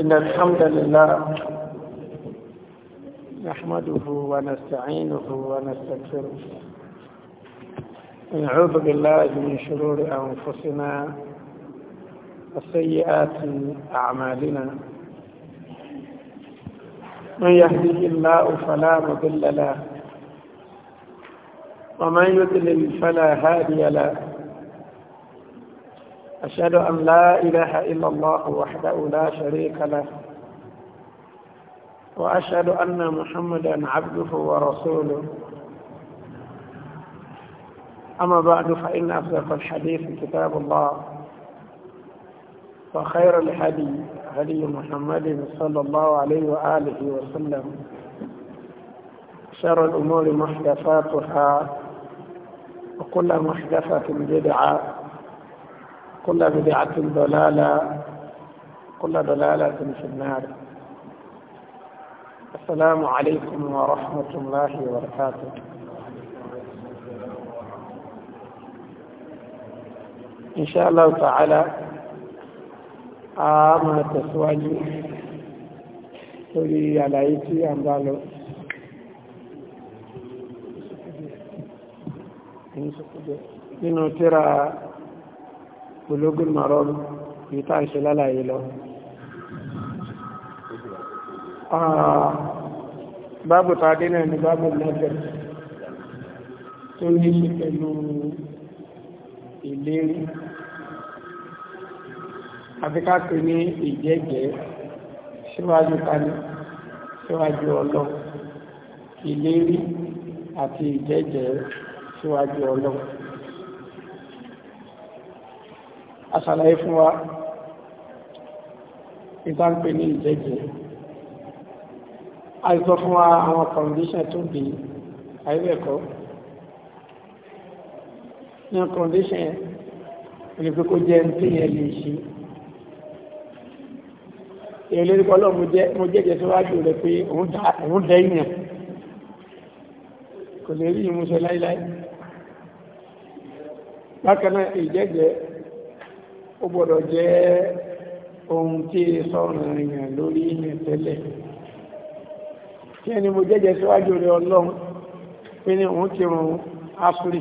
إن الحمد لله نحمده ونستعينه ونستغفره ونعوذ بالله من شرور أنفسنا وسيئات أعمالنا من يهده الله فلا مضل له ومن يضلل فلا هادي له أشهد أن لا إله إلا الله وحده لا شريك له وأشهد أن محمدا عبده ورسوله أما بعد فإن أصدق الحديث كتاب الله وخير الهدي هدي محمد صلى الله عليه وآله وسلم شر الأمور محدثاتها وكل محدثة بدعة كل بدعة ضلالة كل ضلالة في النار السلام عليكم ورحمة الله وبركاته إن شاء الله تعالى آمن التسواج تولي على إيتي شاء الله تعالى bulugul maram yìí tá ń ṣe lálàyé lọ báàbù tàbí náà ni báàbù lẹ́gbẹ̀ẹ́ tó ní ṣe pẹ̀lú ìlérí àfikápẹ̀ ní ìjẹ́jẹ́ síwájú kání síwájú ọlọ́ ìlérí àti ìjẹ́jẹ́ síwájú ọlọ́run àṣàlàyé fún wa ìbáǹpé ní ìjẹ́jẹ́ àìsọ fún wa àwọn condition tó bí àìbẹ̀kọ́ ní condition ní pé kó jẹ́ tí yẹn lè ṣe èyí lórí kọ́lọ́ mo jẹ́jẹ́ síwájú rẹ̀ pé òun dẹ́ ìyàn kò lè rí ìmúṣẹ láíláí bákan náà ìjẹ́jẹ́ ó gbọ́dọ̀ jẹ́ ohun tí sọ̀rọ̀ èèyàn lórí ní tẹ́lẹ̀ kí ẹni mo jẹ́jẹ́ síwájú rẹ ọlọ́run pé ní òun kírun áfírí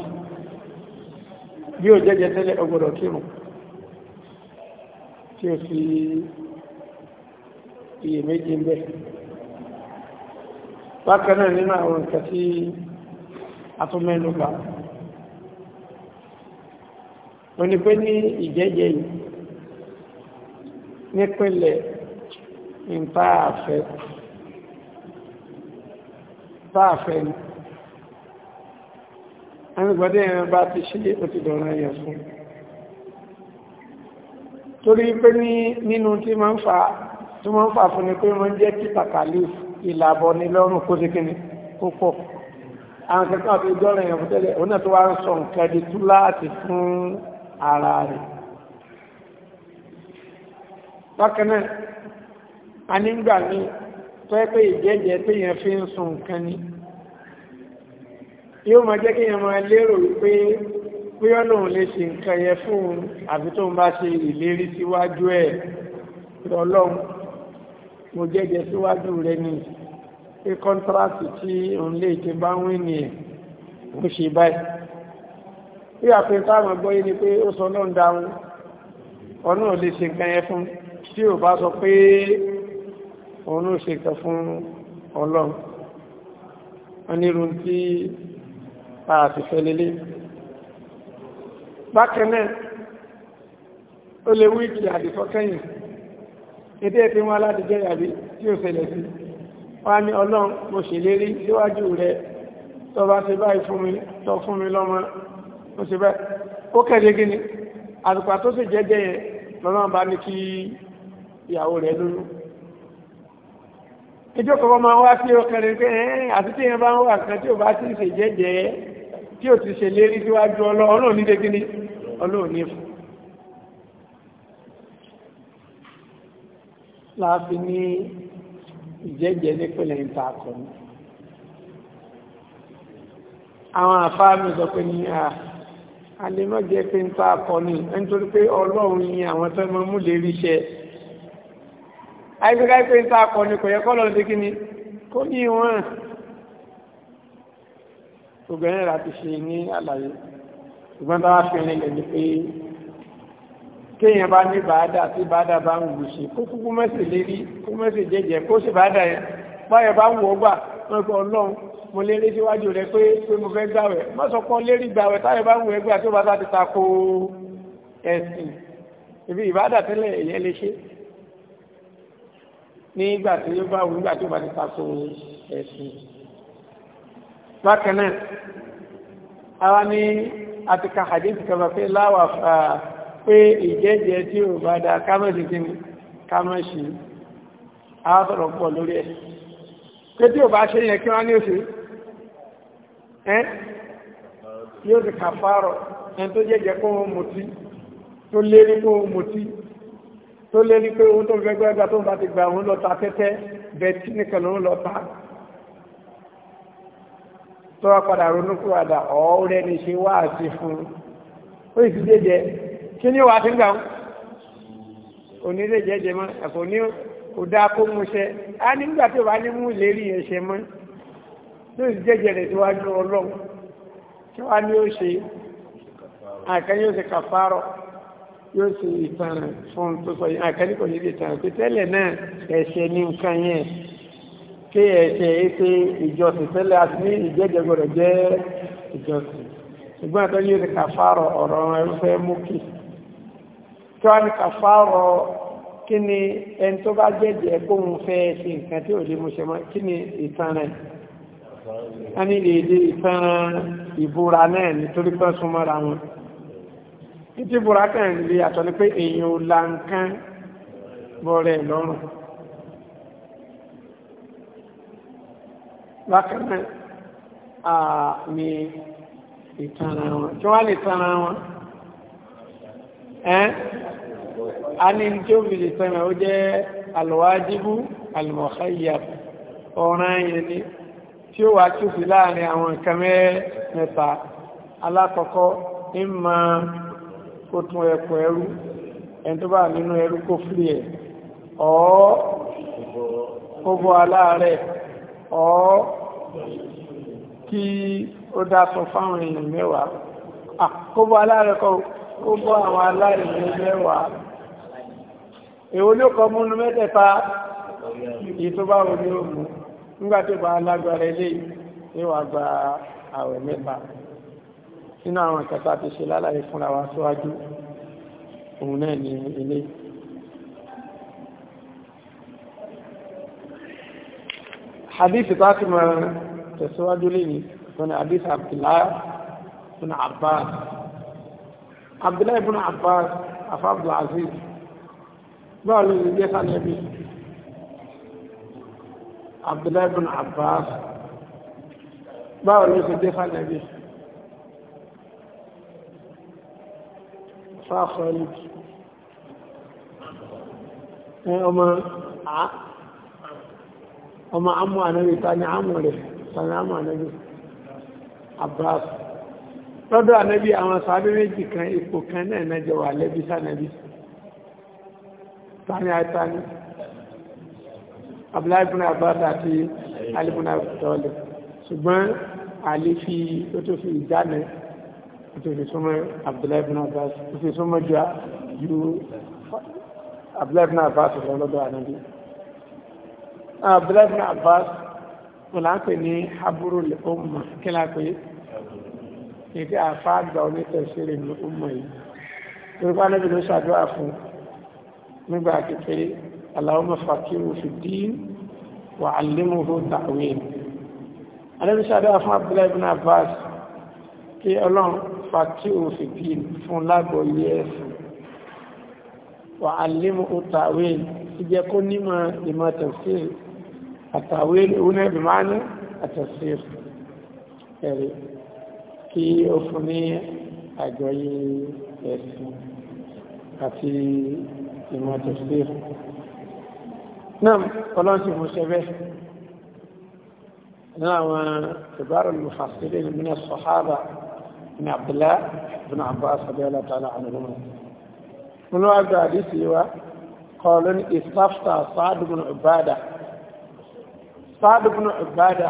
bí ó jẹ́jẹ́ tẹ́lẹ̀ ó gbọ́dọ̀ kírun tí ó fi iyèméjì ń bẹ bákan náà nínú àwọn nǹkan tí a tún mẹ́nu bá wọ́n ní pé ní ìjẹ́jẹ́ yìí nípínlẹ̀ nípa àfẹ́ bá àfẹ́ ni ẹnugbọ́dé ẹran bá ti ṣe ó ti dọ̀rọ̀ ẹ̀yẹ̀ fún torí pé ní nínú tí ma ń fa tí ma ń fa fún ni pé wọ́n jẹ́ kí pàkàlì ìlàbọ̀ ní lọ́rùn kó sí kíni kó pọ̀ àwọn kẹ́kọ̀ọ́ àti ìjọ́rọ̀ ẹ̀yẹ̀ fún tẹ́lẹ̀ òun náà tó wá ń sọ nǹkan di túláàtì fún ara rẹ̀ bákanáà a nígbà ní tó ẹ́ pé ìjẹ́jẹ́ pé yẹn fi ń sun nǹkan ni yóò máa jẹ́ kí yẹn máa lérò wípé bóyá lòun lè ṣe nǹkan yẹn fún un àbí tóun bá ṣe ìlérí síwájú ẹ̀ lọ́lọ́run mo jẹ́jẹ́ síwájú rẹ̀ ni pé kọ́ńtíráàtì tí òun lè ṣe bá ń wí nìyẹn mo ṣe báyìí bí àfihàn táwọn gbọ́yé ni pé ó sọ lọ́n dáhùn ọ̀nà ò lè ṣe nǹkan yẹn fún tí ò bá sọ pé òun ó ṣe nǹkan fún ọlọ́run onírun tí a ti fẹ́ lélẹ̀ bákan náà ó lè wí ìkì àdìfọ́ kẹ́yìn ètò ẹ̀fẹ́ wọn aládìjẹ́ yàrí tí ó ṣẹlẹ̀ sí wá ní ọlọ́run mo ṣèlérí síwájú rẹ tó bá ti báyìí fún mi tó fún mi lọ́mọ ó ṣe bẹ́ẹ̀ ó kẹ́lé gíní àtùpà tó sì jẹ́jẹ́ yẹn lọ́nà bá ní kí ìyàwó rẹ̀ lóyún ìjókòó máa wá sí ọkẹrin pé ẹ́ àti tí yẹn bá ń wà kan tí ò bá ti ṣe jẹ́jẹ́ tí ò ti ṣe lérí síwájú ọlọ́run ní dégíní ọlọ́run ní fún láàfin ní ìjẹ́jẹ́ nípìnlẹ̀ ìta àkọ́ni àwọn àfáà sọ pé ní àà ah, àlèmọ́ jẹ́ pé ń ta akọni nítorí pé ọlọ́run yin àwọn tó mọ́ mú lè rí iṣẹ́ àìgbégáì pé ń ta akọni kò yẹ kọ́ lọ́dún kí ni kó ní wọ́n obìnrin rà ti ṣe ní àlàyé ṣùgbọ́n tó wá fi rìn lẹ́ni pé kéèyàn bá ní bàádà tí bàádà bá ń wù sí kó kúkú mẹ́sì lérí kó mẹ́sì jẹ́jẹ́ kó sì bàádà yẹn báyọ̀ bá ń wọ́ gbà wọ́n kọ́ ọlọ́run mo lérí síwájú rẹ pé pé mo fẹ́ gbàwẹ̀ má sọ pé lérí gbàwẹ̀ táyọ̀ bá wù ẹ́ gbà tó bá sá ti tako ẹ̀sìn ibi ìbádà tẹ́lẹ̀ èyẹ lè ṣe nígbà tí ó bá wù nígbà tó bá ti tako ẹ̀sìn. bákan náà àwa ní àti ka hadith pé láwà fà pé ìjẹ́jẹ́ tí ò bá da kámẹ́sì kí ni kámẹ́sì á sọ̀rọ̀ pọ̀ lórí ẹ̀ pé tí ò bá ṣe yẹn kí wọ́n ní òṣèlú ẹ́ yóò ti kàfàárọ̀ ẹni tó jẹ́ jẹ́ kó wọn mutí tó lé ní kó wọn mutí tó lé ní pé òun tó ń fẹ́ gbẹ́gbẹ́ tó ń bá ti gbà òun lọ ta tẹ́tẹ́ bẹ̀tí nìkan lòun lọ ta tó wá padà ronúkú àdá ọ̀ọ́rẹ́ ní ṣe wá àti fún ó sì jẹ́jẹ́ kí ní wàá ti ń gbà ń onílé jẹ́jẹ́ mọ́ àpò ní kò dáa kó mú ṣe á nígbà tó bá ní mú ìlérí yẹn mọ́ ló ń jẹ́jẹ́ rẹ̀ síwájú ọlọ́run tí wá ní ó ṣe àkàn yóò ṣe kàfárọ̀ yóò ṣe ìtàn fún tó sọ yìí àkàn ní kò ní ìtàn pé tẹ́lẹ̀ náà ẹ̀ṣẹ̀ ní nǹkan yẹn kí ẹ̀ṣẹ̀ ètè ìjọsìn tẹ́lẹ̀ àti ní ìjẹ́jẹ́ gbọ́dọ̀ jẹ́ ìjọsìn ṣùgbọ́n àtọ́ yóò ṣe kàfárọ̀ ọ̀rọ̀ ẹrúfẹ́ mókè tí wá ní kàfárọ̀ kí ni ẹni tó bá jẹ́jẹ́ kóhun fẹ́ ṣe nǹkan tí ò lè mú ṣe mọ́ kí ni ìtàn rẹ̀ wọ́n ní èdè ìtàn ìbúra náà nítorí pé súnmọ́ra wọn títí ìbúra kàn lè àtọ́ ni pé èèyàn ò la nǹkan bọ́rẹ̀ lọ́rùn bákan náà ni ìtàn wọn tí wọ́n lè tàn wọn ẹ́n a ní tí ó fi lè tàn ó jẹ́ alwajibu almuhayyab ọ̀ràn yẹn ni tí ó wà túfi láàrin àwọn nǹkan mẹ́ta alákọ̀ọ́kọ́ ìmọ̀ kó tún ẹ̀kọ́ ẹrú ẹni tó bá nínú ẹrú kó fìlì ẹ̀ ọ́ kó bọ́ aláàárẹ̀ ọ́ kí ó dáṣọ fáwọn èèyàn mẹ́wàá kó bọ́ kọ́ ó bọ́ àwọn aláìní mẹ́wàá èwo ló kọ́ múnú mẹ́tẹ̀ẹ̀ta ìtọ́báwo ni ó mú nígbà tó bá lágbára ilé yóò wá gba àwẹ̀ mẹ́ta nínú àwọn ìkẹta ti ṣe lálàyé fúnra wa síwájú òun náà ní ilé حديث فاطمة تسواد لي من حديث عبد الله بن عباس عبد الله بن عباس أخو عبد العزيز قال يسأل النبي Abdullahi bin Abbas báwo ló ṣe dé fànàbí fáfọ́lì ọmọ ọmọ amú ànábì tani amú rẹ̀ tani amú ànábì Abbas lọ́dọ̀ ànábì àwọn sàábé méjì kan ipò kan náà náà jẹ wà lẹ́bí sànábì tani àtàní abdullahi ibn abbas àti ali ibn abi talib ṣùgbọ́n ali fi ó tó fi ìdáná ó tó fi súnmọ́ abdullahi ibn abbas ó fi súnmọ́ ju ju abdullahi ibn abbas lọ lọ́dọ̀ ànábì abdullahi ibn abbas kò láńpẹ ní haburul umma kí láńpẹ èdè àfa àgbà onítẹ̀síre ní umma yìí nígbà kékeré اللهم فقهه في الدين وعلمه التأويل Ànábì ṣàdúrà fún Abdullahi ibn Abbas kí Ọlọ́run faqihhu fi din fún lágbọ́yé ẹ̀sìn وعلمه التأويل ìjẹ́ kó nímọ̀ ìmọ̀ tafsir التأويل هنا بمعنى التفسير ẹ̀rí kí ó fún ní àjọyé ẹ̀sìn àti ìmọ̀ tafsir náà ọlọ́sìn mú sẹ́fẹ́ ní àwọn ìbára olùfàṣílẹ̀ ní mínà sọ̀hábà ní àbdìlá bin abbas abẹ́lá tààlà ànàlọ́mà wọn wá gba àdísì wa kọlu ní ìsáfta sáàdù bin ìbádà sáàdù bin ìbádà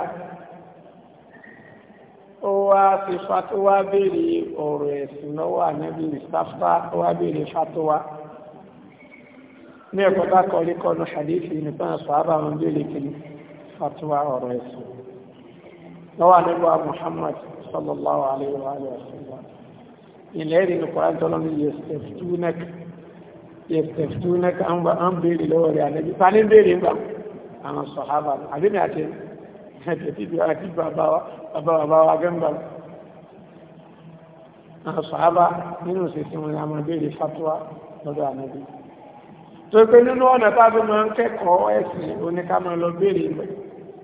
ó wá sí fatuwa béèrè ọ̀rọ̀ ẹ̀sìn lọ́wọ́ ànábì ìsáfta ó wá béèrè fatuwa ní ẹ̀kọ́ tá kọ́ rí kọ́nu hadithi nípa sàábà wọn bí lè kiri fatuwa ọ̀rọ̀ ẹ̀sìn lọ́wọ́ àdébọ̀ Muhammad sallallahu alayhi wa sallam ilẹ̀ ìrìn ní kọ́ra tọ́lọ́ ní yesteftunak yesteftunak an béèrè lọ́wọ́ rẹ̀ àdébí ta ní béèrè ń gbà àwọn sàábà àdébí àti ẹ̀tẹ̀tìbí àti bàbá wa gẹ́gbà àwọn sàábà nínú ìsinmi àwọn lọ́dọ̀ àdébí tó pé nínú ọ̀nà tábí máa ń kẹ́kọ̀ọ́ ẹ̀sìn oníkámọ́ lọ béèrè ìmọ̀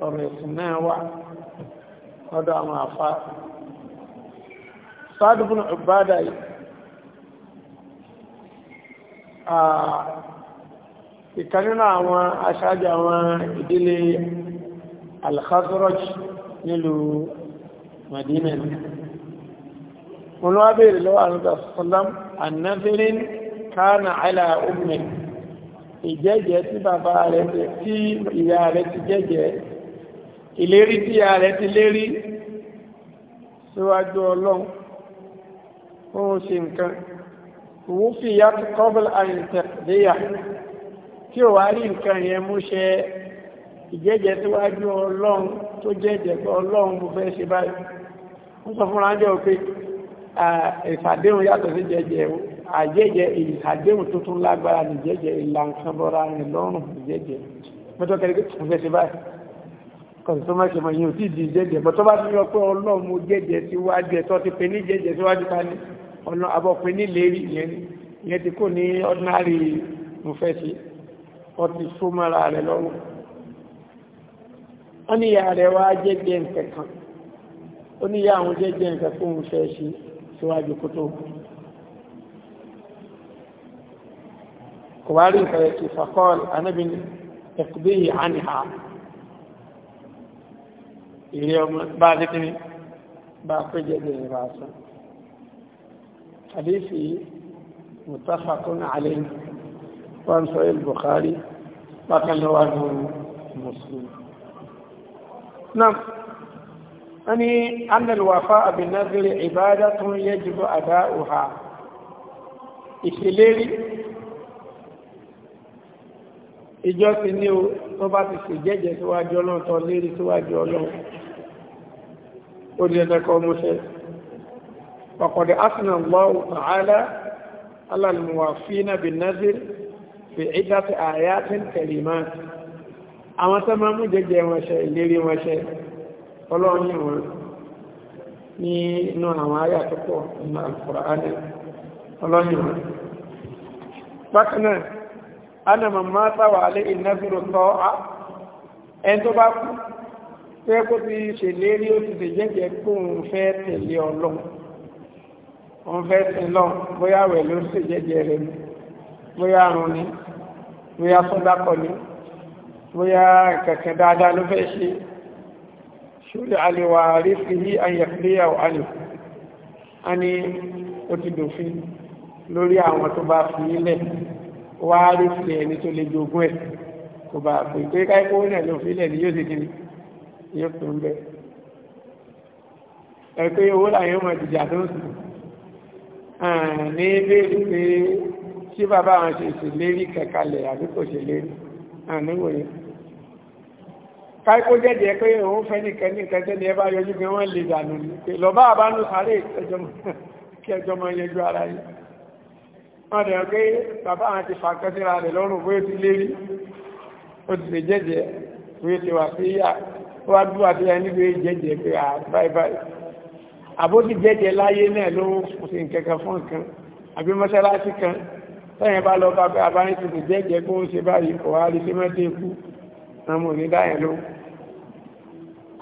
ọ̀rọ̀ ẹ̀sìn náà wà ọ̀dọ̀ àwọn àfa sádùbùn ìbádà yìí ìkan nínú àwọn aṣáájú àwọn ìdílé alkhazraj nílùú madina wọn wá béèrè lọ́wọ́ àrùn sọ́lám annabirin kánà ìjẹ́jẹ́ tí bàbá rẹ̀ tí ìyá rẹ̀ ti jẹ́jẹ́ ìlérí tí ìyá rẹ̀ ti lérí síwájú ọlọ́run òun ṣe nǹkan òun fi ìyá tó kọ́bùl àyìntẹ̀déyà tí ò wá rí nǹkan yẹn mú ṣe ìjẹ́jẹ́ síwájú ọlọ́run tó jẹ́jẹ́ pé ọlọ́run mo fẹ́ ṣe báyìí wọ́n sọ fúnra jẹ́ òpin ìfàdéhùn yàtọ̀ sí jẹ́jẹ́ òun àjẹjẹ àdéhùn tuntun lágbára nìjẹjẹ ìlànkánbọ́ra rìn lọ́rùn nìjẹjẹ mọ́tọ́kẹ́rẹ́ kò fẹ́ ṣe báyìí kọ̀sọ́mọ́ ṣe mọ̀ yìí ò tí di jẹ́jẹ́ bọ́ tó bá ti yọ pé ọlọ́run mo jẹ́jẹ́ ní jẹ́jẹ́ síwájú ní ni ìyẹn ti kò ní ordinary mo fẹ́ ṣe ọ ti só mọ́ra rẹ̀ lọ́rùn. wọ́n ní ìyá rẹ̀ wá jẹ́jẹ́ nǹkan kan àwọn jẹ́jẹ́ nǹkan fẹ́ ṣe síwájú kó tó kù. كوارث يتي فقال أنا بن اقضيه عنها اليوم بعد كده باقي جديد راسه حديثي متفق عليه وعن صحيح البخاري وكان رواه مسلم نعم أني أن الوفاء بالنذر عبادة يجب أداؤها إخلالي ìjọ ti ní o tó bá ti sì jẹ́jẹ́ síwájú ọlọ́run tó lérí síwájú ọlọ́run ó di ẹ̀dẹ́kọ́ mọ́ṣẹ́ ọ̀kọ̀dẹ̀ asìnà lọ́wọ́ tààlà alàlùmọ̀wà fínà bin nazir fi ìdáfẹ́ àyà tí ń tẹ̀lé máa àwọn tó máa mú jẹ́jẹ́ wọn ṣe ìlérí ana màmá sáwà alẹ́ ìnáfíró tọ́ a ẹn tó bá kú pé kó ti ṣèlérí ó ti ṣèjẹ́jẹ́ kó òun fẹ́ tẹ̀lé ọlọ́run òun fẹ́ tẹ̀lé ọlọ́run bóyá wẹ̀ ló ṣèjẹ́jẹ́ rẹ̀ ni bóyá àrùn ni bóyá sọ́dákọ̀ ni bóyá kẹ̀kẹ́ dáadáa ló fẹ́ ṣe ṣúlẹ̀ àlewà rí fi yí àyẹ̀kúléyàwó àlè a ní ó ti dòfin lórí àwọn tó bá fi ilẹ̀ wá rí sílẹ̀ ẹni tó lè jogún ẹ̀ kò bá pè pé káíkó náà ló fi lẹ̀ ní yóò ṣe kiri yóò pè ń bẹ ẹ pé owó làyẹn mọ̀ ìdìjà tó ń sùn ní bẹ́ẹ̀ pé tí bàbá àwọn ṣe ìṣèlérí kẹkalẹ̀ àbí kò ṣèlérí àníwò yẹn káíkó jẹ́jẹ́ pé òun fẹ́ nìkan nìkan tẹ́lẹ̀ ẹ bá yọjú pé wọ́n lè dànù lọ́bá àbánú sáré ìkẹjọmọ yẹjú ara yìí wọ́n dẹ̀ pé bàbá àwọn ti fàkẹ́síra rẹ̀ lọ́rùn bóyá ti lérí ó ti lè jẹ́jẹ́ bóyá ti wà sí yá ó wá dúwà sí ẹni bóyá jẹ́jẹ́ pé à báyìí báyìí àbó ti jẹ́jẹ́ láyé náà ló kò sí nkẹ́kẹ́ fún nǹkan àbí mọ́ṣáláṣí kan sẹ́yìn bá lọ bá pé àbáyé ti lè jẹ́jẹ́ kó ń ṣe báyìí kò wá rí sí mẹ́tẹ́ ikú àwọn onídáyẹ̀ ló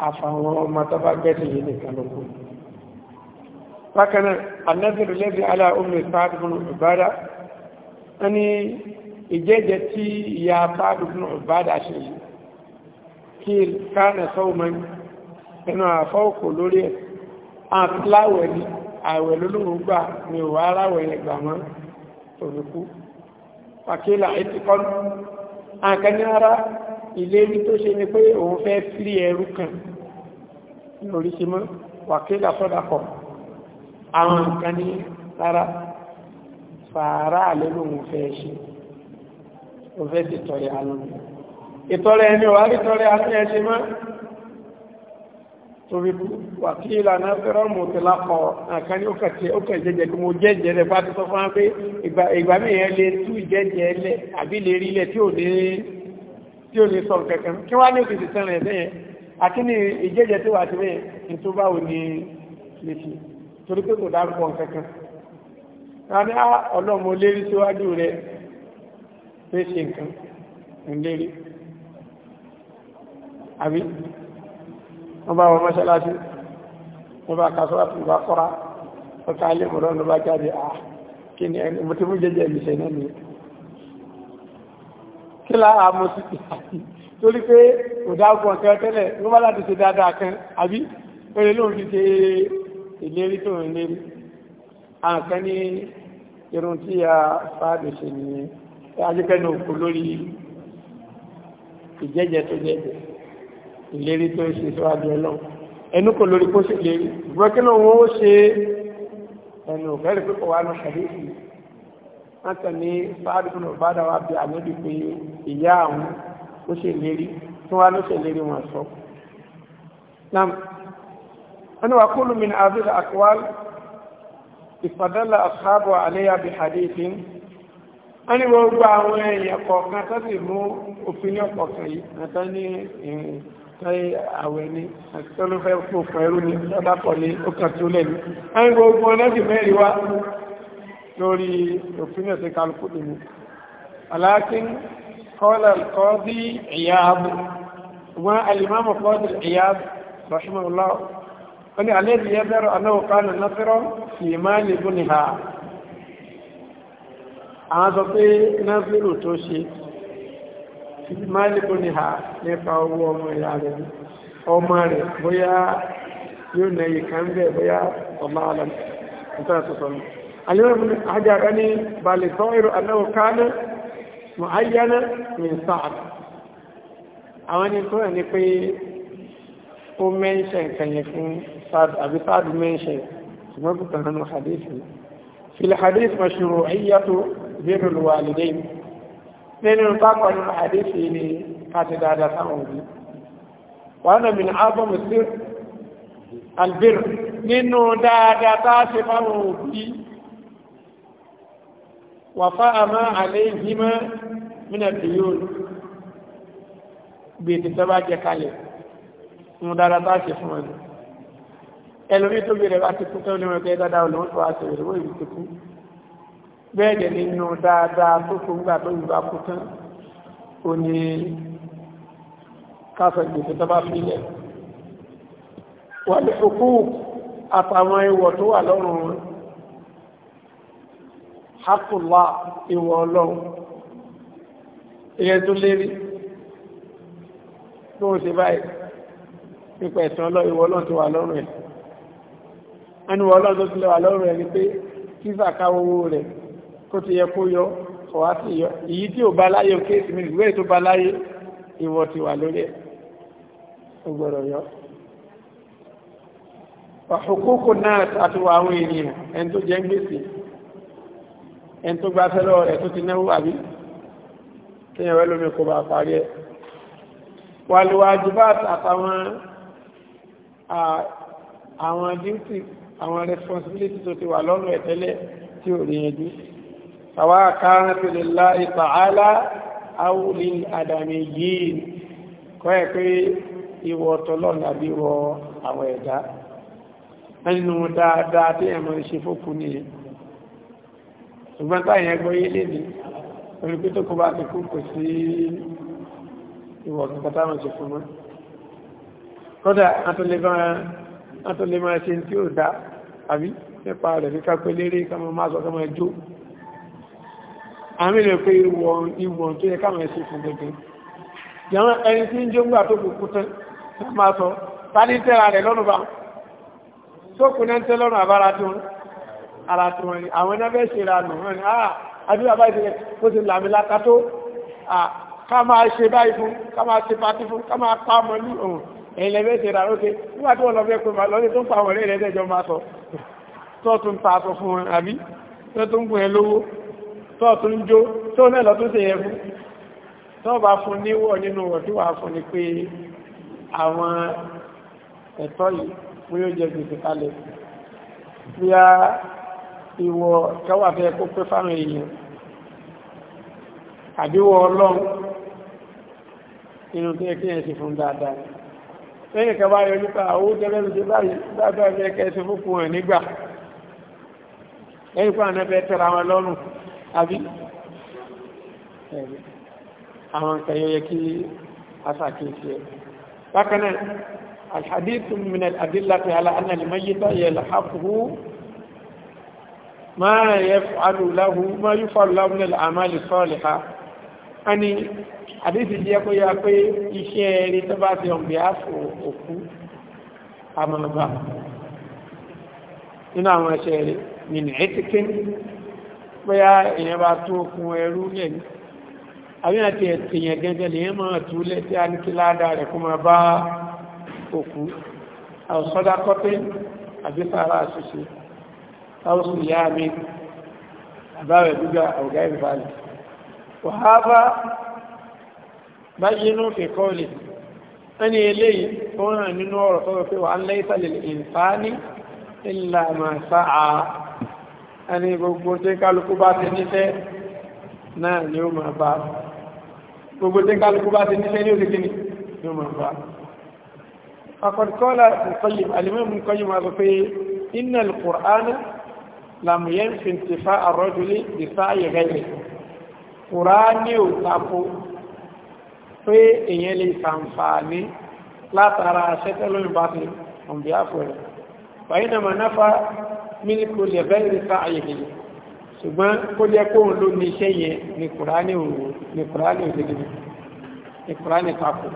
àfàwọn ọmọ tó bá yìí nìkan ló bákanáà annazir lẹ́bí ala omi sáàdùn ọ̀bádá ẹni ìjẹ́jẹ́ tí ìyá sáàdùn ọ̀bádá ṣe yìí kí káàna sọ́ọ̀mọ́n ẹnu àfọ́ọ̀kò lórí ẹ̀ àtìláwẹ̀ ni àwẹ̀ lólóhùn gbà ní òwà aláwẹ̀ yẹn gbà mọ́ òfìkú pàkílà ìtìkọ́nù àkẹ́niára ìlérí tó ṣe ni pé òun fẹ́ fílí ẹrú kan ní oríṣi mọ́ wàkílà sọ́dà àwọn nǹkan ní rárá fàárá àlélò òun fẹ́ ṣe ó fẹ́ ti tọrẹ àánú ìtọrẹ ẹni wà rí tọrẹ àánú ẹ ṣe mọ́ torí wà kí ìlànà fẹ́ràn mọ̀ tí lápọ̀ nǹkan ní ó kẹ̀ jẹ́jẹ́ kí mo jẹ́jẹ́ rẹ̀ bá ti sọ fún wa pé ìgbà mìíràn lè tú ìjẹ́jẹ́ torí pé kò dárúkọ kankan wọn ni ah, ọlọ́mọ lérí síwájú rẹ pé ṣe nǹkan ń lérí àbí wọ́n bá wọn mọ́ṣáláṣí wọ́n bá kà sọ́wọ́ tó bá kọ́ra wọ́n ká mọ̀rọ̀ ló bá jáde à ah, kí ni ẹni mo ti mú jẹjẹ ìṣẹ̀ náà ni kí lá àmọ́ sí ìpàdé torí pé kò dárúkọ kan tẹ́lẹ̀ ló bá láti ṣe dáadáa kan àbí ó lè lóun fi ṣe ìlérí tó ń lérí àǹkan ní irun tí a fàádù ṣe nìyẹn ajẹ́kẹ́nu òkú lórí ìjẹ́jẹ́ tó jẹ́jẹ́ ìlérí tó ṣe síwájú ọlọ́run ẹnu kò lórí kó sì lérí ìgbọ́kínà wọn ó ṣe ẹnu òfẹ́rẹ̀ pípọ̀ wà ní ṣàdéṣì wọ́n ní fàádù fún ọ̀bádà wa bí àmọ́dù pé ìyá àwọn ó ṣe lérí tí wọ́n á ló ṣe lérí wọn sọ أنا وكل من هذه الأقوال استدل أصحابه عليها بحديث أنا وأبا وين يقول نتدي مو أفني أقصي نتني tẹ́yẹ àwẹ̀ ni àtẹ́lúfẹ́ fún pẹ̀lú ní ọdápọ̀ ní ọkàtúlẹ̀ ní ẹni gbogbo ọlẹ́dì mẹ́rin wá lórí òfin ẹ̀sẹ̀ kalkúlù ní aláàkín kọ́lá kọ́dí ìyáàbù wọ́n alìmọ́mù kọ́dí ìyáàbù rahimahullah ó ní alẹ́ ìyẹn bẹ̀rọ anáwó kánú násírọ́ sì máa lè bú ní ha àwọn sọ pé násírò tó ṣe sì máa lè bú ní ha nípa owó ọmọ ìyá rẹ̀ ọmọ rẹ̀ bóyá yóò na yìí kan bẹ́ẹ̀ bóyá ọmọ alam nítorí tó sọnù alẹ́ ìbú ní hajjára ní balẹ̀ sọ́ọ̀rọ̀ anáwó kánú mọ̀háyánà min sáà àwọn ẹni tó ni pé ó mẹ́ńṣẹ̀ nǹkan yẹn fún أبي سعد ماشي سمعت عنه حديث في الحديث مشروعية بر الوالدين من لأنه عن الحديث اللي قاتل هذا سعودي وأنا من أعظم السر البر من dáadáa tá a ṣe fáwọn òbí wàfá àmá àléhìmá mínàtìyóò gbèsè tó bá jẹ kalẹ̀ ẹlòmí tó gbèrè bá ti kú tó níwọ̀n pé dáadáa olówó tó wá sèrè owó ìlú ti kú bẹ́ẹ̀ dẹ̀ nínú dáadáa tó kú ńgbà tó yìí bá kú tán ó ní káfẹ́ gbèsè tó bá filẹ̀ wọ́n lè kú àtàwọn ìwọ̀ tó wà lọ́rùn wọn hakùlá ìwọ̀ ọlọ́run ìyẹn tó lérí tó ń ṣe báyìí pípa ẹ̀sán ọlọ́ ìwọ̀ ọlọ́run tó wà lọ́rùn ẹ̀ ẹnu ọlọ́run tó ti lọ wà lọ́rùn ẹni pé kí zaka owó rẹ̀ kó ti yẹ kó yọ ọ̀wá sí yọ èyí tí ò bá láyé òkè ìsinmi ìwé tó bá láyé ìwọ ti wà lórí ẹ̀ ó gbọ́dọ̀ yọ. òkúkú náà àtiwọ̀ àwọn ènìyàn ẹni tó jẹ́ gbèsè ẹni tó gba fẹ́ lọ́wọ́ rẹ̀ tó ti náwó àbí kéèyàn rẹ̀ lómi kó bá parí ẹ̀. wàlúwàjú bá àtàwọn àwọn díútì àwọn responsibility tó ti wà lọ́rùn ẹ̀ tẹ́lẹ̀ tí ò ríyanjú àwa kàrán tó lè la ipa àlá àwùlí àdàmì yìí kọ́ ẹ̀ pé ìwọ ọ̀tọ̀lọ́ nàbí wọ àwọn ẹ̀dá nínú dáadáa tí ẹ̀mọ̀ ṣe fókù ní ṣùgbọ́n táyẹ̀ gbọ́yé lè ní olùgbé tó kó bá ti kú kò sí ìwọ̀ kankan táwọn ṣe fún mọ́ kódà àtúnlé máa ṣe tí ó dáa àbí nípa rẹ̀ ní kápẹ́ léré kámọ́ máa sọ kámọ́ ẹjọ́ àmì rẹ̀ pé ìwọ̀n tó yẹ kámọ́ ẹ̀sìn fún gẹ́gẹ́ jẹ́wọ́n ẹni tí ń jó ńgbà tó kù kútẹ́ máa sọ ta ní tẹ́ra rẹ̀ lọ́nà bá tó kù náà tẹ́ lọ́nà àbára tí wọ́n ara tí wọ́n ni àwọn ẹni abẹ́ ṣe ìranù ah àdúrà báyìí ti rẹ̀ kó ti làmì láta tó ah, ká máa ṣe báyìí fún ká máa ṣe pàtí fún ká máa ẹ̀yin lẹ́fẹ́ ṣe ra lóṣe nígbà tí wọ́n lọ fẹ́ pé máa lọ́dẹ tó ń pa àwọn ọ̀rẹ́ rẹ̀ tẹ́jọ máa sọ tó tún ta aṣọ fún wọn àbí tó tún gùn ẹ lówó tó tún jó tó náà lọ tún ṣe yẹ fún tó bá fún níwọ̀ nínú wọ̀ tí wàá fún ni pé àwọn ẹ̀tọ́ yìí a ìwọ̀ kẹwà fẹ́ kó pé fáwọn èèyàn àbíwọ̀ ọlọ́run inú tó yẹ kí ẹ̀ sì fún dáadáa lẹ́yìn kan bá yọ nípa owó tẹ́lẹ̀ lóṣè báyìí dáadáa ẹgbẹ́ kẹsì fúnfún ẹ̀ nígbà lẹ́yìn kan náà fẹ́ tẹ̀ra wọn lọ́rùn àbí àwọn nǹkan yóò yẹ kí aṣàkíyèsí ẹ̀ bákan náà alhadithu min al ala anna al-mayyita yalhaquhu ma yaf'alu lahu ma yaf'alu lahu min al-a'mal as ani ní àdéhùn ìjẹ́ kó yá pé iṣẹ́ eré tó bá ti ọ̀gbẹ́ àfò òkú àmọ̀lọ́gbà nínú àwọn ẹ̀ṣẹ̀ eré nínú ẹ̀tíkín bóyá èèyàn bá tún okun ẹrú lẹ́nu àbí àti ẹ̀tìyàn gẹ́gẹ́ lèyàn máa tún lẹ́ tí a ní kí láàdá rẹ̀ kó máa bá òkú àwọ̀sọ́dá kọ́pẹ́ àbí àṣìṣe táwọn sùn mi àbáwẹ̀ gbígbà ọ̀gá ìbálẹ̀ wàhábà báyìí ní fi kọ́ọ̀lì ẹni eléyìí tó ń rìn nínú ọ̀rọ̀ tó pé wà ń lẹ́yìn tàlẹ̀ ìfáàní ìlà máa sáà ẹni gbogbo tí kálukú bá ti nífẹ́ náà ni ó máa bá gbogbo tí kálukú bá ti nífẹ́ ní òsìkí ni ó máa bá akọ̀dùkọ́lá ìkọyì alìmọ́mù ìkọyì máa sọ pé iná alìkùránà làmùyẹ́ fi ń tìfá àrọ́jùlé ìsáàyẹ̀ gẹ́gẹ́ kùránì ò tako pé èyàn lè sàǹfààní látara aṣẹ́tẹ́lómi bá ti ọ̀bí àfẹ́rẹ̀ wàyínà mà náfà mílíkù lè bẹ́ẹ̀rẹ̀ sá àyèkèyè ṣùgbọ́n kó jẹ́ kóhun ló ní iṣẹ́ yẹn ní kùránì òwò ní kùránì òdìdì ní kùránì tako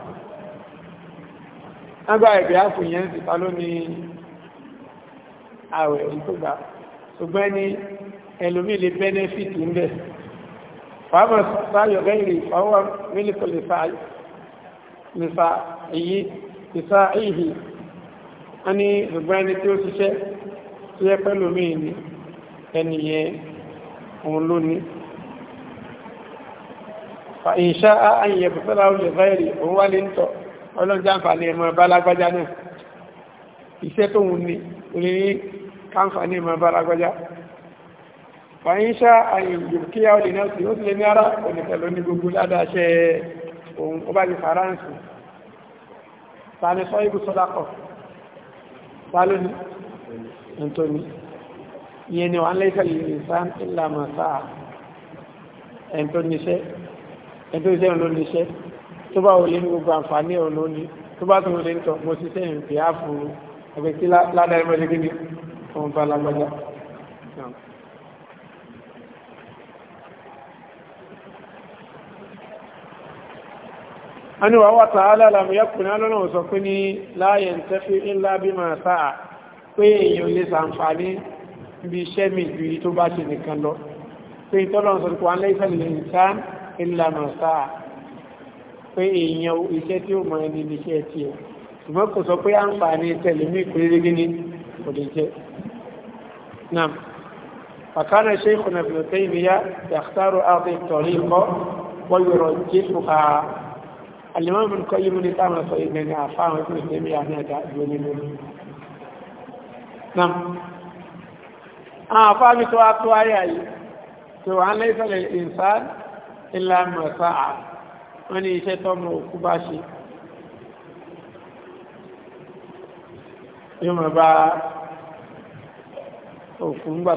nígbà ìbí àfẹ́ yẹn ti ta ló ní àwẹ̀ ìtògbà ṣùgbọ́n ní ẹlòmí lè bẹ́nẹ́fìtì ń bẹ̀rẹ̀ fàámà sáyọ̀ gẹ́rì fàáwà mílíkù ìsáàìhì a ní ṣùgbọ́n ẹni tí ó ṣiṣẹ́ tí yẹ pẹ́lú míì ní ẹniyẹ òun ló ní fa ìṣá àyẹ̀ bùsọ́lá olè báyìí òun wá lè ń tọ̀ ọlọ́jàǹfààní ẹmọ bálágbájá náà iṣẹ́ tóun ní olè ní káǹfààní ẹmọ bálágbájá náà fàyínṣá àyìnbíkíyà olè náà sì ó sì lè ní ara onífẹ́ lóní gbogbo ládàáṣẹ́ ohun ó bá ti faransì tani sọ ibù sọ́dákọ̀ tálóní nítorí ìyẹn ni wọ́n lẹ́sẹ̀ lè sán ìlànà sáà ẹni tó níṣẹ́ ẹni tó níṣẹ́ ló níṣẹ́ tó bá wọlé ní gbogbo àǹfààní ọ̀run ló ani wa wa ta'ala lam yakun alona sọ pé ni la yantafi illa bima sa'a pé èyàn lè ṣàǹfààní bí iṣẹ́ mi ju tó bá ṣe nìkan lọ pé tọ́lọ́n sọ pé alaysa lil insan illa ma sa'a pé èyàn iṣẹ́ tí ó mọ ẹni ní iṣẹ́ alimami kọ́ yìí mú ní táwọn sọ ìgbẹ̀ ní àfáwọn ìpín ìsinmi àmì ẹ̀dá ìwé nínú náà àwọn àfáàmì tó wá tó ayà yìí tó wà ń lẹ́sọ̀lẹ̀ ìsán ilá mọ̀sá à wọ́n ní iṣẹ́ tọ́mọ òkú bá ṣe yóò mọ̀ bá òkú ń tọ́ba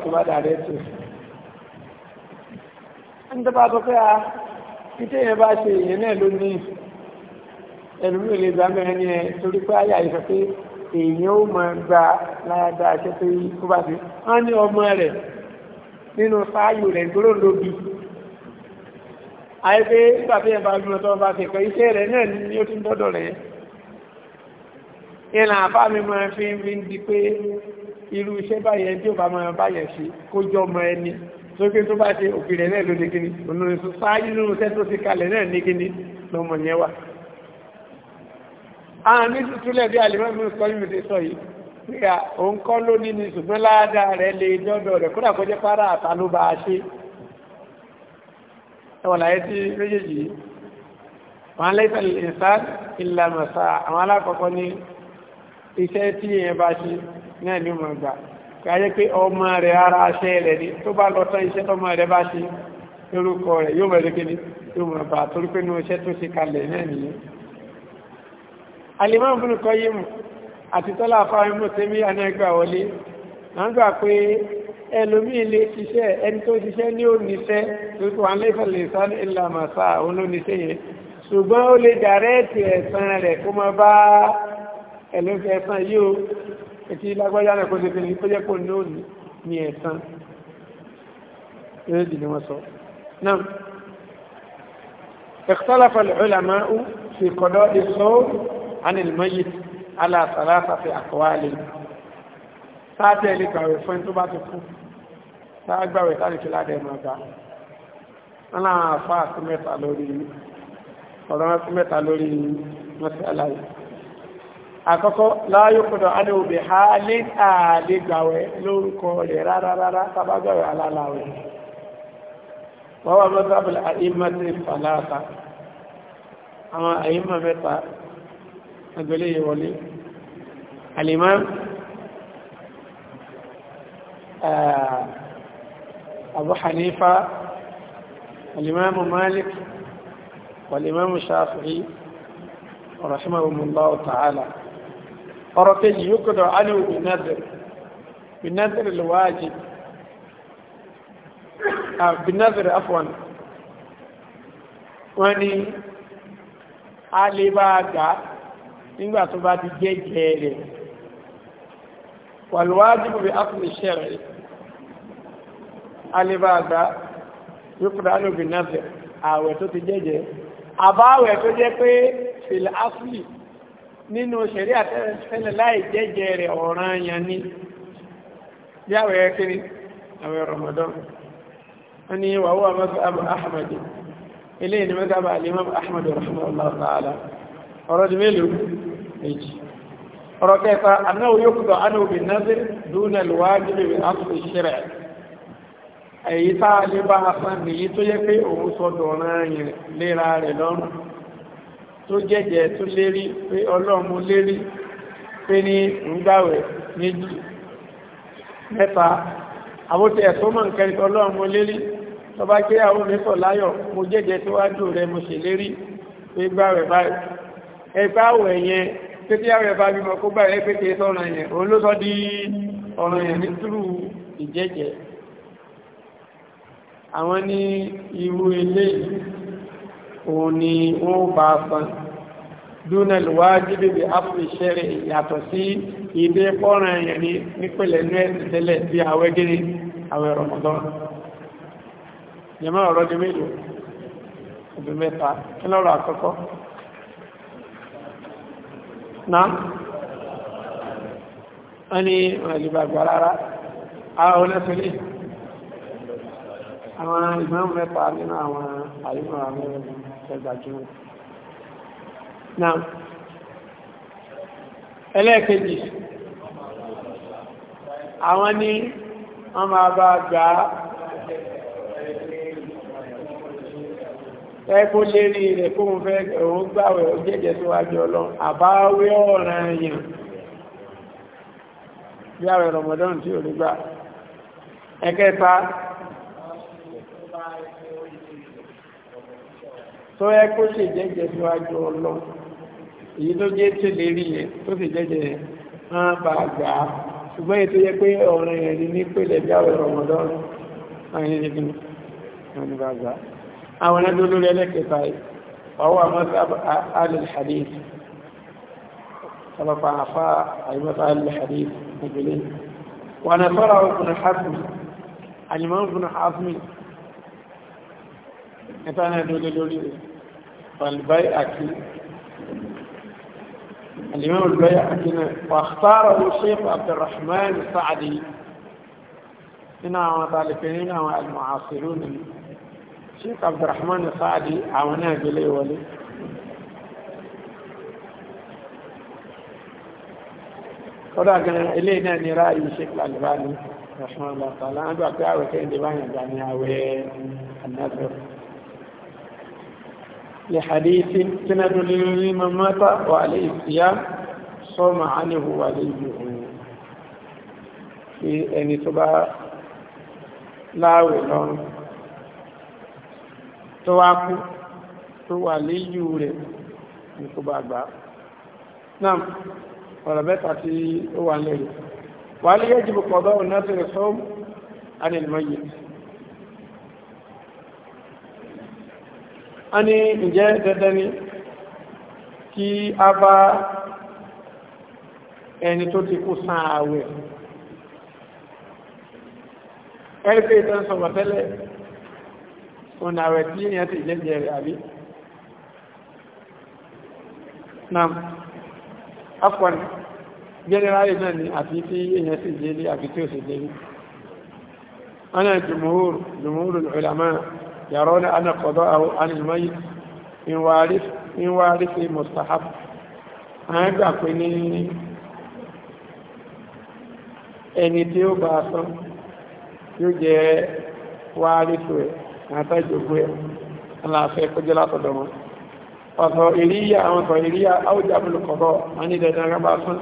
tó bá ṣe ẹlòmí ò lè gbà mẹ́rin ní ẹ torí pé àyà ìsọ pé èèyàn ó máa gba láyàdá àṣẹ pé kó bá fi wọ́n ní ọmọ rẹ̀ nínú fáyò rẹ̀ gbóró lóbi àìpé nígbà tí ẹ̀ bá gbọ́n tó bá fẹ̀kọ́ iṣẹ́ rẹ̀ náà ni ó ti ń dọ́dọ̀ rẹ̀ yẹn là bá mi máa fi ń fi ń di pé irú iṣẹ́ báyẹn tí ò máa báyẹn ṣe kó jọ ọmọ ẹni tó tó bá ṣe òkè rẹ̀ náà ló ní kíni ònà ìsọ fáyò nínú iṣẹ́ tó ti kalẹ̀ náà ní kíni lọ́mọ yẹn wà àwọn ah, ní tútúlẹ̀ bí alimami kọ́yìmù ti sọ yìí nígbà òun ni ṣùgbọ́n ládàá rẹ̀ lè dọ́dọ̀ rẹ̀ kódà kó jẹ́ para àta ló bá a ṣe ẹwọ̀n láyé tí méjèèjì wọn lẹ́sẹ̀ ìsán ìlànà sa àwọn alákọ̀ọ́kọ́ ní iṣẹ́ tí èèyàn bá ṣe náà ní mọ̀ gbà káyé pé ọmọ rẹ̀ ara aṣẹ rẹ̀ ni tó bá lọ tán iṣẹ́ tọmọ rẹ̀ bá ṣe lórúkọ rẹ̀ yóò mọ̀ ẹ̀rẹ́kẹ́ni yóò mọ̀ bá torí ní iṣẹ́ tó ṣe kalẹ̀ náà nìyẹn alimọ́ ìbúnú kọ́ yé mu àti tọ́lá afárá mú tẹ́mí anágbà wọlé wọ́n gbà pé ẹlòmíì lè ṣiṣẹ́ ẹni tó ṣiṣẹ́ ní oníṣẹ́ lókè wọn lè fẹ́lẹ̀ sáré ńlá màsá àwọn olóníṣẹ́ yẹn ṣùgbọ́n ó lè dàrẹ́ẹ̀tì ẹ̀sán rẹ̀ kó máa bá ẹlòmíì ẹ̀sán yóò ètí lágbájá rẹ̀ kó tètè kó jẹ́ kó ní òní ní ẹ̀sán ìrẹ́dì ni wọ́n sọ náà ikhtalafa al-ulama fi qada'i as-sawm anil mayit ala salasati aqwali sáàtẹ̀ ilé gbàwẹ̀ fún tó bá ti kú sáàgbàwẹ̀ sáàrìkì ládẹ̀ mọ́ta wọn àfá àti mẹ́ta lórí ọ̀rọ̀ mẹ́ta mẹ́ta lórí mọ́sálàyé àkọ́kọ́ láyé kọ́dọ̀ adéhùbẹ̀ ha lé ààlé gbàwẹ̀ lórúkọ rẹ̀ rárárá sábàgbàwẹ̀ alálàwẹ̀ wọ́n wà mọ́sábìlì àìmọ́tì fàlàtà àwọn àìmọ́ mẹ́ta أبليه ولي الإمام آه، أبو حنيفة الإمام مالك والإمام الشافعي رحمهم الله تعالى ورقيج يقدر علو بالنذر بالنذر الواجب آه، بالنذر عفوا واني علي باقا nígbà tó bá ti jẹ́ jẹ́ẹ̀rẹ̀ wàlúwájú bí ápùlù ṣẹ̀rẹ̀ alẹ́bá àgbà yókùdánù bí náfẹ̀ ààwẹ̀ tó ti jẹ́jẹ́ àbáwẹ̀ tó jẹ́ pé fìlà ápùlù nínú ṣẹ̀rí àtẹ́rẹ̀fẹ́lẹ̀ láì jẹ́jẹ́ rẹ̀ ọ̀ràn yẹn ní bí àwẹ̀ kiri àwẹ̀ Ramadan wọ́n ni wàhúwà mọ́sáàbù Ahmad ilé ìdí mọ́sáàbù alimam Ahmad rahimahullah ta'ala ọ̀rọ̀ di mélòó méjì ọ̀rọ̀ kẹta anáwó yóò kúrò anáwó bí nazir dúnà lùwájú bí asùn ìṣẹ̀rẹ̀ èyí tá a lè bá hasan nìyí tó yẹ pé òun sọdọ̀ ọ̀ràn yìí léra rẹ̀ lọ́rùn tó jẹ́jẹ́ tó lérí pé ọlọ́run lérí pé ní pé tí àwẹ̀ bá bímọ kó gbà rẹ̀ pé kí sọ́nà yẹn òun ló sọ di ọ̀rọ̀ yẹn ní túrù ìjẹ́jẹ́ àwọn ní irú ilé òun ni wọ́n bá san dúnà lùwájú bíbi áfíṣẹ́rẹ̀ yàtọ̀ sí ilé fọ́nrán yẹn ní nípìnlẹ̀ ní ẹ̀sìn bí àwẹ̀ gírí àwẹ̀ ọ̀rọ̀ di náà wọ́n ní ìlúgbàgbà rárá àwọn onẹ́fẹ́lẹ́ àwọn ìmọ̀ mẹ́fà nínú àwọn àyíkọ̀ àwọn ẹgbàjúmọ̀ náà ẹlẹ́ẹ̀kejì àwọn ní wọ́n máa bá gbàá ẹ kó lérí rẹ̀ kó ń fẹ́ òun gbàwẹ̀ jẹ́jẹ́ síwájú ọlọ́ àbáwé ọ̀ràn yàn bí àwẹ̀ rọmọdán tí ò lè gbà ẹ̀kẹta tó ẹ kó ṣe jẹ́jẹ́ síwájú ọlọ́ èyí tó jẹ́ tí lérí yẹn tó sì jẹ́jẹ́ yẹn máa bá gbà á ṣùgbọ́n ètò yẹ pé ọ̀ràn yẹn ní pẹ̀lẹ̀ bí àwẹ̀ rọmọdán àyẹ̀yẹ̀ ní bá gbà á أو ندل لك طيب وهو مذهب أهل الحديث فرفع فاء أي مذهب أهل الحديث مجلين ونفر ابن حزم أي من ابن حزم كتانا دولي دولي فالبيع كي الإمام البيهقي واختار الشيخ عبد الرحمن السعدي إنما ذلك إنما المعاصرون sheikh abdulrahman saadi àwọn náà gbélé wọlé kọ́dọ̀ àgbẹ̀rẹ̀ ilé náà ní ráàyè sheikh lalibani rahman latala ń gbà pé àwẹ̀ kẹ́hìndé bá yàn gbà ní àwẹ̀ anadol لحديث سند لمن مات وعليه الصيام صام عنه وليه في أن تبقى láàwẹ̀ lọ́rùn tó wá kú tó wà léyù rẹ̀ ní kó bá gbà náà ọ̀rọ̀ mẹ́ta tí ó wà lẹ́yìn wà á lè yẹ́ jìbò pọ̀ bọ́ọ̀ náà tẹ̀lé sọ́ọ̀mù anìlmọ́yì a ní ìjẹ́ dandan ni kí a bá ẹni tó ti kú san ààwẹ̀ ẹgbẹ́ ìtàn sọ̀rọ̀ tẹ́lẹ̀ ona wetin tí èèyàn ti jẹ́jẹ́ rẹ̀ na nam afọ́nì jẹ́nẹ́ráyì ni àti tí èèyàn sì jẹ́ ni àbí tí o sì jẹ́ ana ana jùmúhùr jùmúhùr ulama yarawna ana qada'ahu an al-mayyit in warith in warith mustahab ga ẹni tí ó bá àtàjògbé ẹ̀ aláàfẹ́ kọjẹ́ látọ̀dọ̀ wọn ọ̀tọ̀ ìríyà àwọn ọ̀tọ̀ ìríyà áwùjá bùlùkọ̀kọ́ wọn ni dandan rábá fún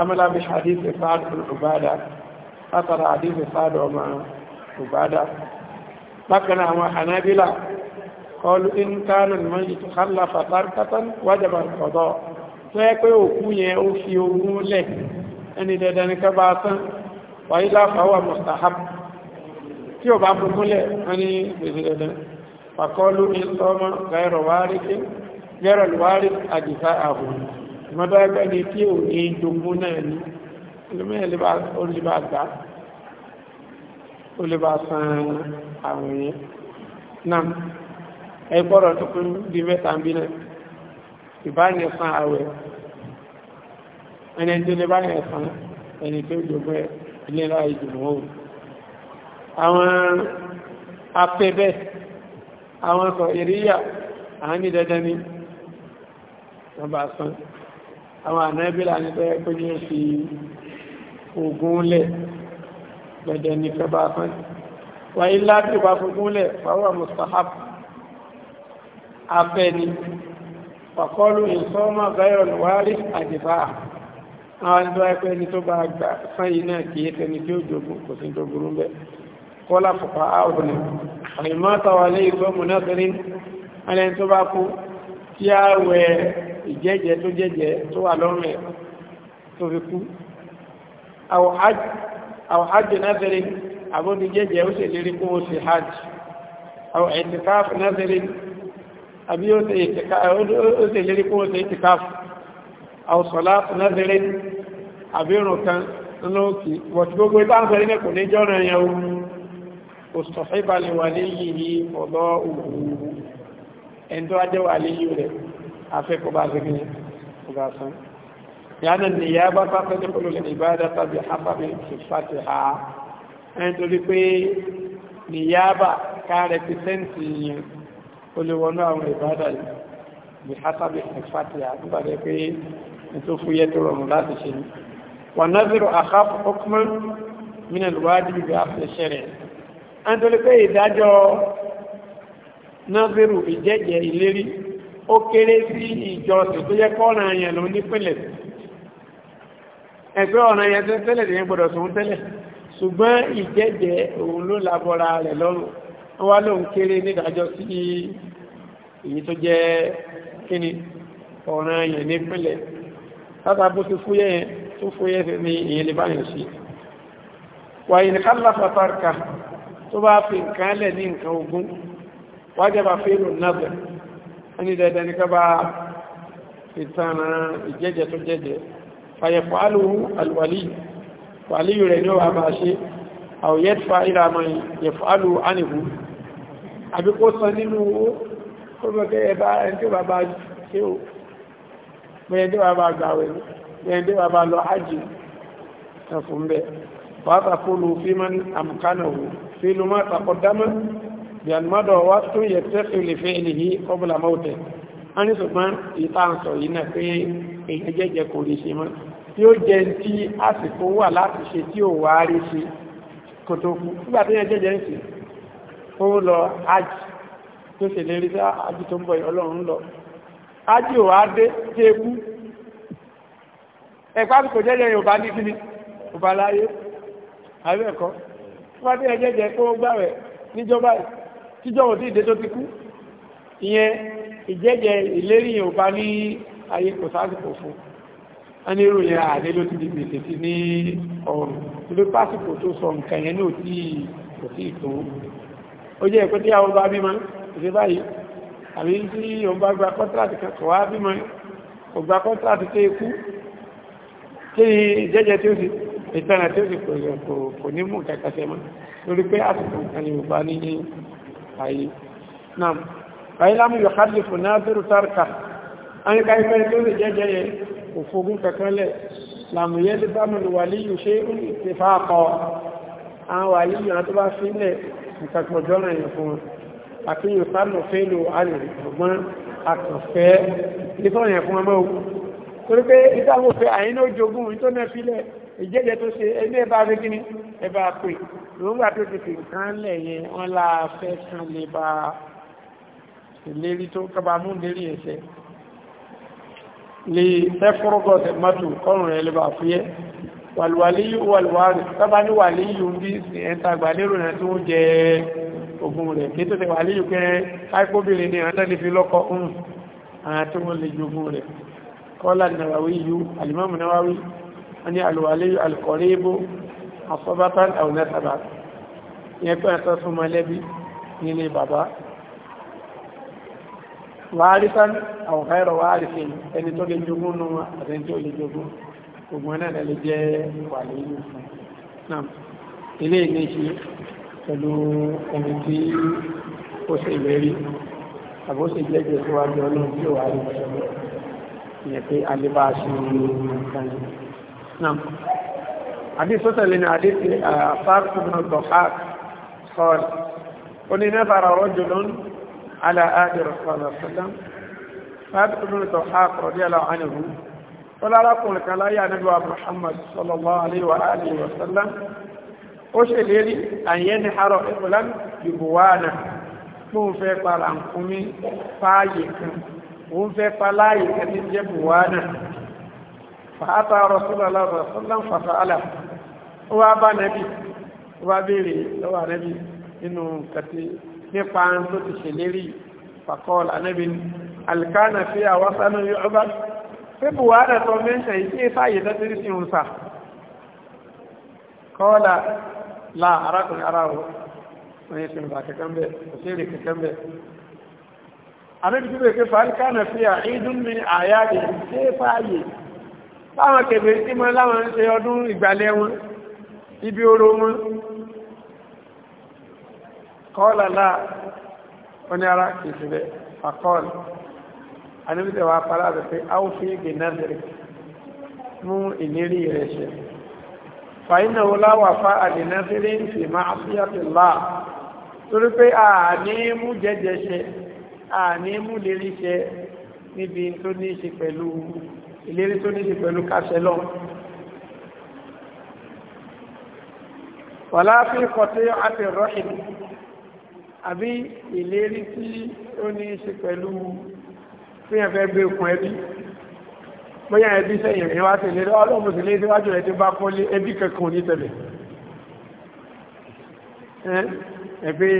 amúlábi hadith sáàd bùlùbádà látara hadith sáàd ọmọ bùbádà bákanáà àwọn hanabila kọlu in kánà mọ́yì tó hálà fatarkatan wájàbà tó yẹ pé òkú yẹn ó fi ogún lẹ̀ ẹni dandan ká bá tán wáyé láfàwà mustahab tí ò bá bú múlẹ̀ wọ́n ní gbèsè dandan pàkọ́lù ní ọmọ gẹ́rọ̀ wáríkì gẹ́rọ̀ wárí àjìká ààbò ìmọ̀tọ́ ẹgbẹ́ ni tí ò ní jogún náà ní olùmọ̀ẹ́ ó san àwọn yẹn náà ẹgbọ́rọ̀ tó kún bí mẹ́ta san àwẹ̀ ẹni tó lè san ẹni tó jogún ẹ̀ ilé láì jùmọ̀ òun àwọn apẹbẹ àwọn ọkọ̀ ìríyà àwọn ní dandan ni wọ́n bá sán àwọn ànábílà ní tẹ́ pé ní fi ogun lẹ̀ dandan ni fẹ́ sán wà ilá tí bá fogun lẹ̀ pàwọ́ mustahab afẹ́ ni pàkọ́lù ìsọ́mọ̀ bayron wárí àdìbà àwọn ẹni tó bá gbà sán yìí náà kìí tẹni tí ó jogun kò sí jogun bẹ́ẹ̀ wọ́lá fọ̀fà áhùnì àìmọ́tàwà ní ìgbọ́ mọ̀nàtàrí alẹ́ tó bá kú tí a wẹ ìjẹ́jẹ́ tó jẹ́jẹ́ tó wà lọ́rùn ẹ̀ tó fi kú àwòhájì nàtàrí àbóni jẹ́jẹ́ ó sì lérí kó o sì hajj àwò ẹ̀tìkáfù nàtàrí àbí ó sì lérí kó o sì ẹ̀tìkáfù àwò sọ̀lá nàtàrí òṣùṣọ́fẹ́bà lè wà léyìí ní ọ̀dọ́ òwúrú ẹni tó ajẹ́ wà léyìí rẹ̀ afẹ́kọ̀ọ́ bá zẹ́gbẹ́ ọgá san yàtọ̀ ní ìyá bá bá fẹ́ nípa lórí ìbáradá tàbí afábí ìfàtì ha ẹni torí pé ní ìyá bá ká rẹpítẹ́ǹtì yẹn ó lè wọnú àwọn ìbáradá yìí bí afábí nítorí pé ìdájọ́ nọ́sírù ìjẹ́jẹ́ ìlérí ó kéré sí ìjọsìn tó yẹ kọ́ọ̀ràn yẹn ló nípìnlẹ̀ ẹgbẹ́ ọ̀ràn yẹn tó tẹ́lẹ̀ tẹ́yẹn gbọ́dọ̀ sùn tẹ́lẹ̀ ṣùgbọ́n ìjẹ́jẹ́ òun ló labọ́ra rẹ̀ lọ́rùn wá lóun kéré nídájọ́ sí èyí tó jẹ́ kíni ọ̀ràn yẹn ni ìyẹn lè báyìí sí wàyí tó bá fi nǹkan lẹ̀ ní nǹkan ogun wájẹ́bà fèrò náàbẹ̀ ẹni dẹ̀dẹ̀ ní ká bá ìtànà ìjẹ́jẹ́ tó jẹ́jẹ́ fàyẹ̀fọ́ alùhù alùwàlì wàlì rẹ̀ ní wà máa ṣe àwòyẹ́fà ìlàmà yẹ̀fọ́ alùhù ánìhù àbí kó sọ nínú فأتقول في من أمكنه في ما تقدم بأن مضى وقت يتقي لفعله قبل موته أنا سبحان يتانسو هنا في ìjẹ́jẹ́ kò lè ṣe mọ́ tí ó jẹ tí àsìkò wà láti ṣe tí ò wá rí sí kò tó kú nígbà tó yẹ jẹ́jẹ́ ń sì ó lọ ájì tó ṣe lè rí sí ájì tó ń bọ̀ ọlọ́run lọ ájì ò wá dé tí ekú ẹ̀pá kò jẹ́jẹ́ yóò bá ní kíni ò bá láyé àbí ẹ̀kọ́ tó bá tẹ̀yẹ jẹ́jẹ́ kó gbà rẹ̀ níjọba tíjọba tí ìdè tó ti kú ìyẹn ìjẹ́jẹ́ ìlérí yẹn ò bá ní ayé kò sásìkò fún a ní irú yẹn àdé ló ti di gbèsè sí ní ọrùn torí pásìkò tó sọ nǹkan yẹn náà tí kò sí ìtò ó jẹ́ ẹ̀kọ́ tí àwọn bá bímọ ìṣe báyìí àbí tí òun bá gba kọ́ńtàtì kan kò wá bímọ kò gba kọ́ńtàtì tó ikú kí ni ìjẹ́jẹ́ tí ó sì ìtara tí ó sì kò yẹ kò kò ní mú kẹta ṣe mọ́ lórí pé àsìkò nǹkan yóò bá ní ayé náà báyìí lámú yóò ká lè fò náà bẹ̀rù tárkà àyíká ìfẹ́ tó lè jẹ́jẹ́ yẹ kò fogún kankan lẹ̀ làmú yẹ́ ti bá mọ̀lù wà líyù ṣe ó ní ìtẹ̀fà akọ àwọn wà líyù náà tó bá fi lẹ̀ nǹkan pọ̀ jọ́nà yẹn fún ìjẹ́jẹ́ tó ṣe ẹni ẹ bá rí kí ni ẹ bá pè lóńgbà tó ti fi kán lẹ̀ yẹn wọ́n láà fẹ́ kán lè bá ìlérí tó kọba mú lérí ẹ̀ṣẹ̀ lè fẹ́ fọ́rọ́gọ́sẹ̀ mọ́tò kọrùn rẹ̀ lè bá fúyẹ́ wàlúwàlíyù wàlúwàrí tọ́bá ní wàlíyù ń bí ẹ̀ta àgbàlérò rẹ̀ tó ń jẹ ogun rẹ̀ kí tó ti wàlíyù pé káìkóbìnrin ni àwọn tẹ́lẹ̀ fi lọ́kọ́ ń àwọn tó ń lè jogun rẹ̀ kọ́lá Nawawi yìí Al-Imam ní alùwàlé alùkọ̀rẹ́bù asọ́bátán àwùnẹ́sàbà yẹn pẹ́ ẹ̀tọ́ fún mọ́lẹ́bí nílé bàbá wàárísán àwùkẹ́rọ̀ wàárísìn ẹni tó lè jogún nù àti tí ó lè jogún ògbọ́n náà lè jẹ́ wàlé inú fún náà ilé ìní ṣe pẹ̀lú ẹni tí ó ṣe ìlérí àbóṣe jẹ́jẹ́ síwájú ọlọ́run tí ó wà نعم حديث وصل لنا حديث فارس بن الضحاك قال قل نظر رجل على آل رسول الله صلى الله عليه وسلم فارس بن الضحاك رضي الله عنه قال لكم لك لا نبي محمد صلى الله عليه وآله وسلم أشهد لي أن ينحر إبلا ببوانا fún fẹ́ para nkúmi fáyé kan òun fẹ́ pa kan ní jẹ́ bùwá fàátà rọ̀sùlọ́lá rọ̀sùlọ́n fàfàálà ó wá bá nẹ́bí ó wá béèrè lọ́wọ́ nẹ́bí nínú kàtí nípa tó ti ṣèlérí fàkọ́ọ̀l anẹ́bí ni alkana fi àwọn sánú yóò bá pé buhari tó mẹ́ṣẹ̀ ìṣe fàyè dátìrí sí ń sà kọ́ọ̀lá la arákùnrin ara wọ wọ́n yẹ sinmi kankan bẹ́ẹ̀ kò sí èrè kankan bẹ́ẹ̀ anẹ́bí ṣe fàyè láwọn kèbèrè tí mọ́ láwọn ń ṣe ọdún ìgbàlẹ̀ wọn ibi oró wọn kọ́ọ̀lọ́lá oní ara ìṣẹ̀lẹ̀ àkọọ̀lù anúbìtẹ̀ wa fara rẹ̀ pé a ó fi ìgbè náàzẹ̀rẹ̀ mú ìlérí rẹ̀ ṣe fàínà oláwà fa àdínáfẹ́rẹ́ ń fi máa fi àtìlá torí pé a ní mú jẹ́jẹ́ ṣe a ní mú lérí ṣe níbi tó ní ṣe pẹ̀lú ìlérí tó ní ṣe pẹ̀lú káṣẹ lọ wàlá fi kọtí àti rọ́ṣìn àbí ìlérí tí ó ní ṣe pẹ̀lú fíyàn fẹ́ gbé okùn ẹbí bóyá ẹbí sẹ́yìn rẹ̀ wá sí ìlérí ọlọ́mù sí ilé síwájú rẹ̀ tí bá kọ́lé ẹbí kankan ní tẹ̀lé ẹgbẹ́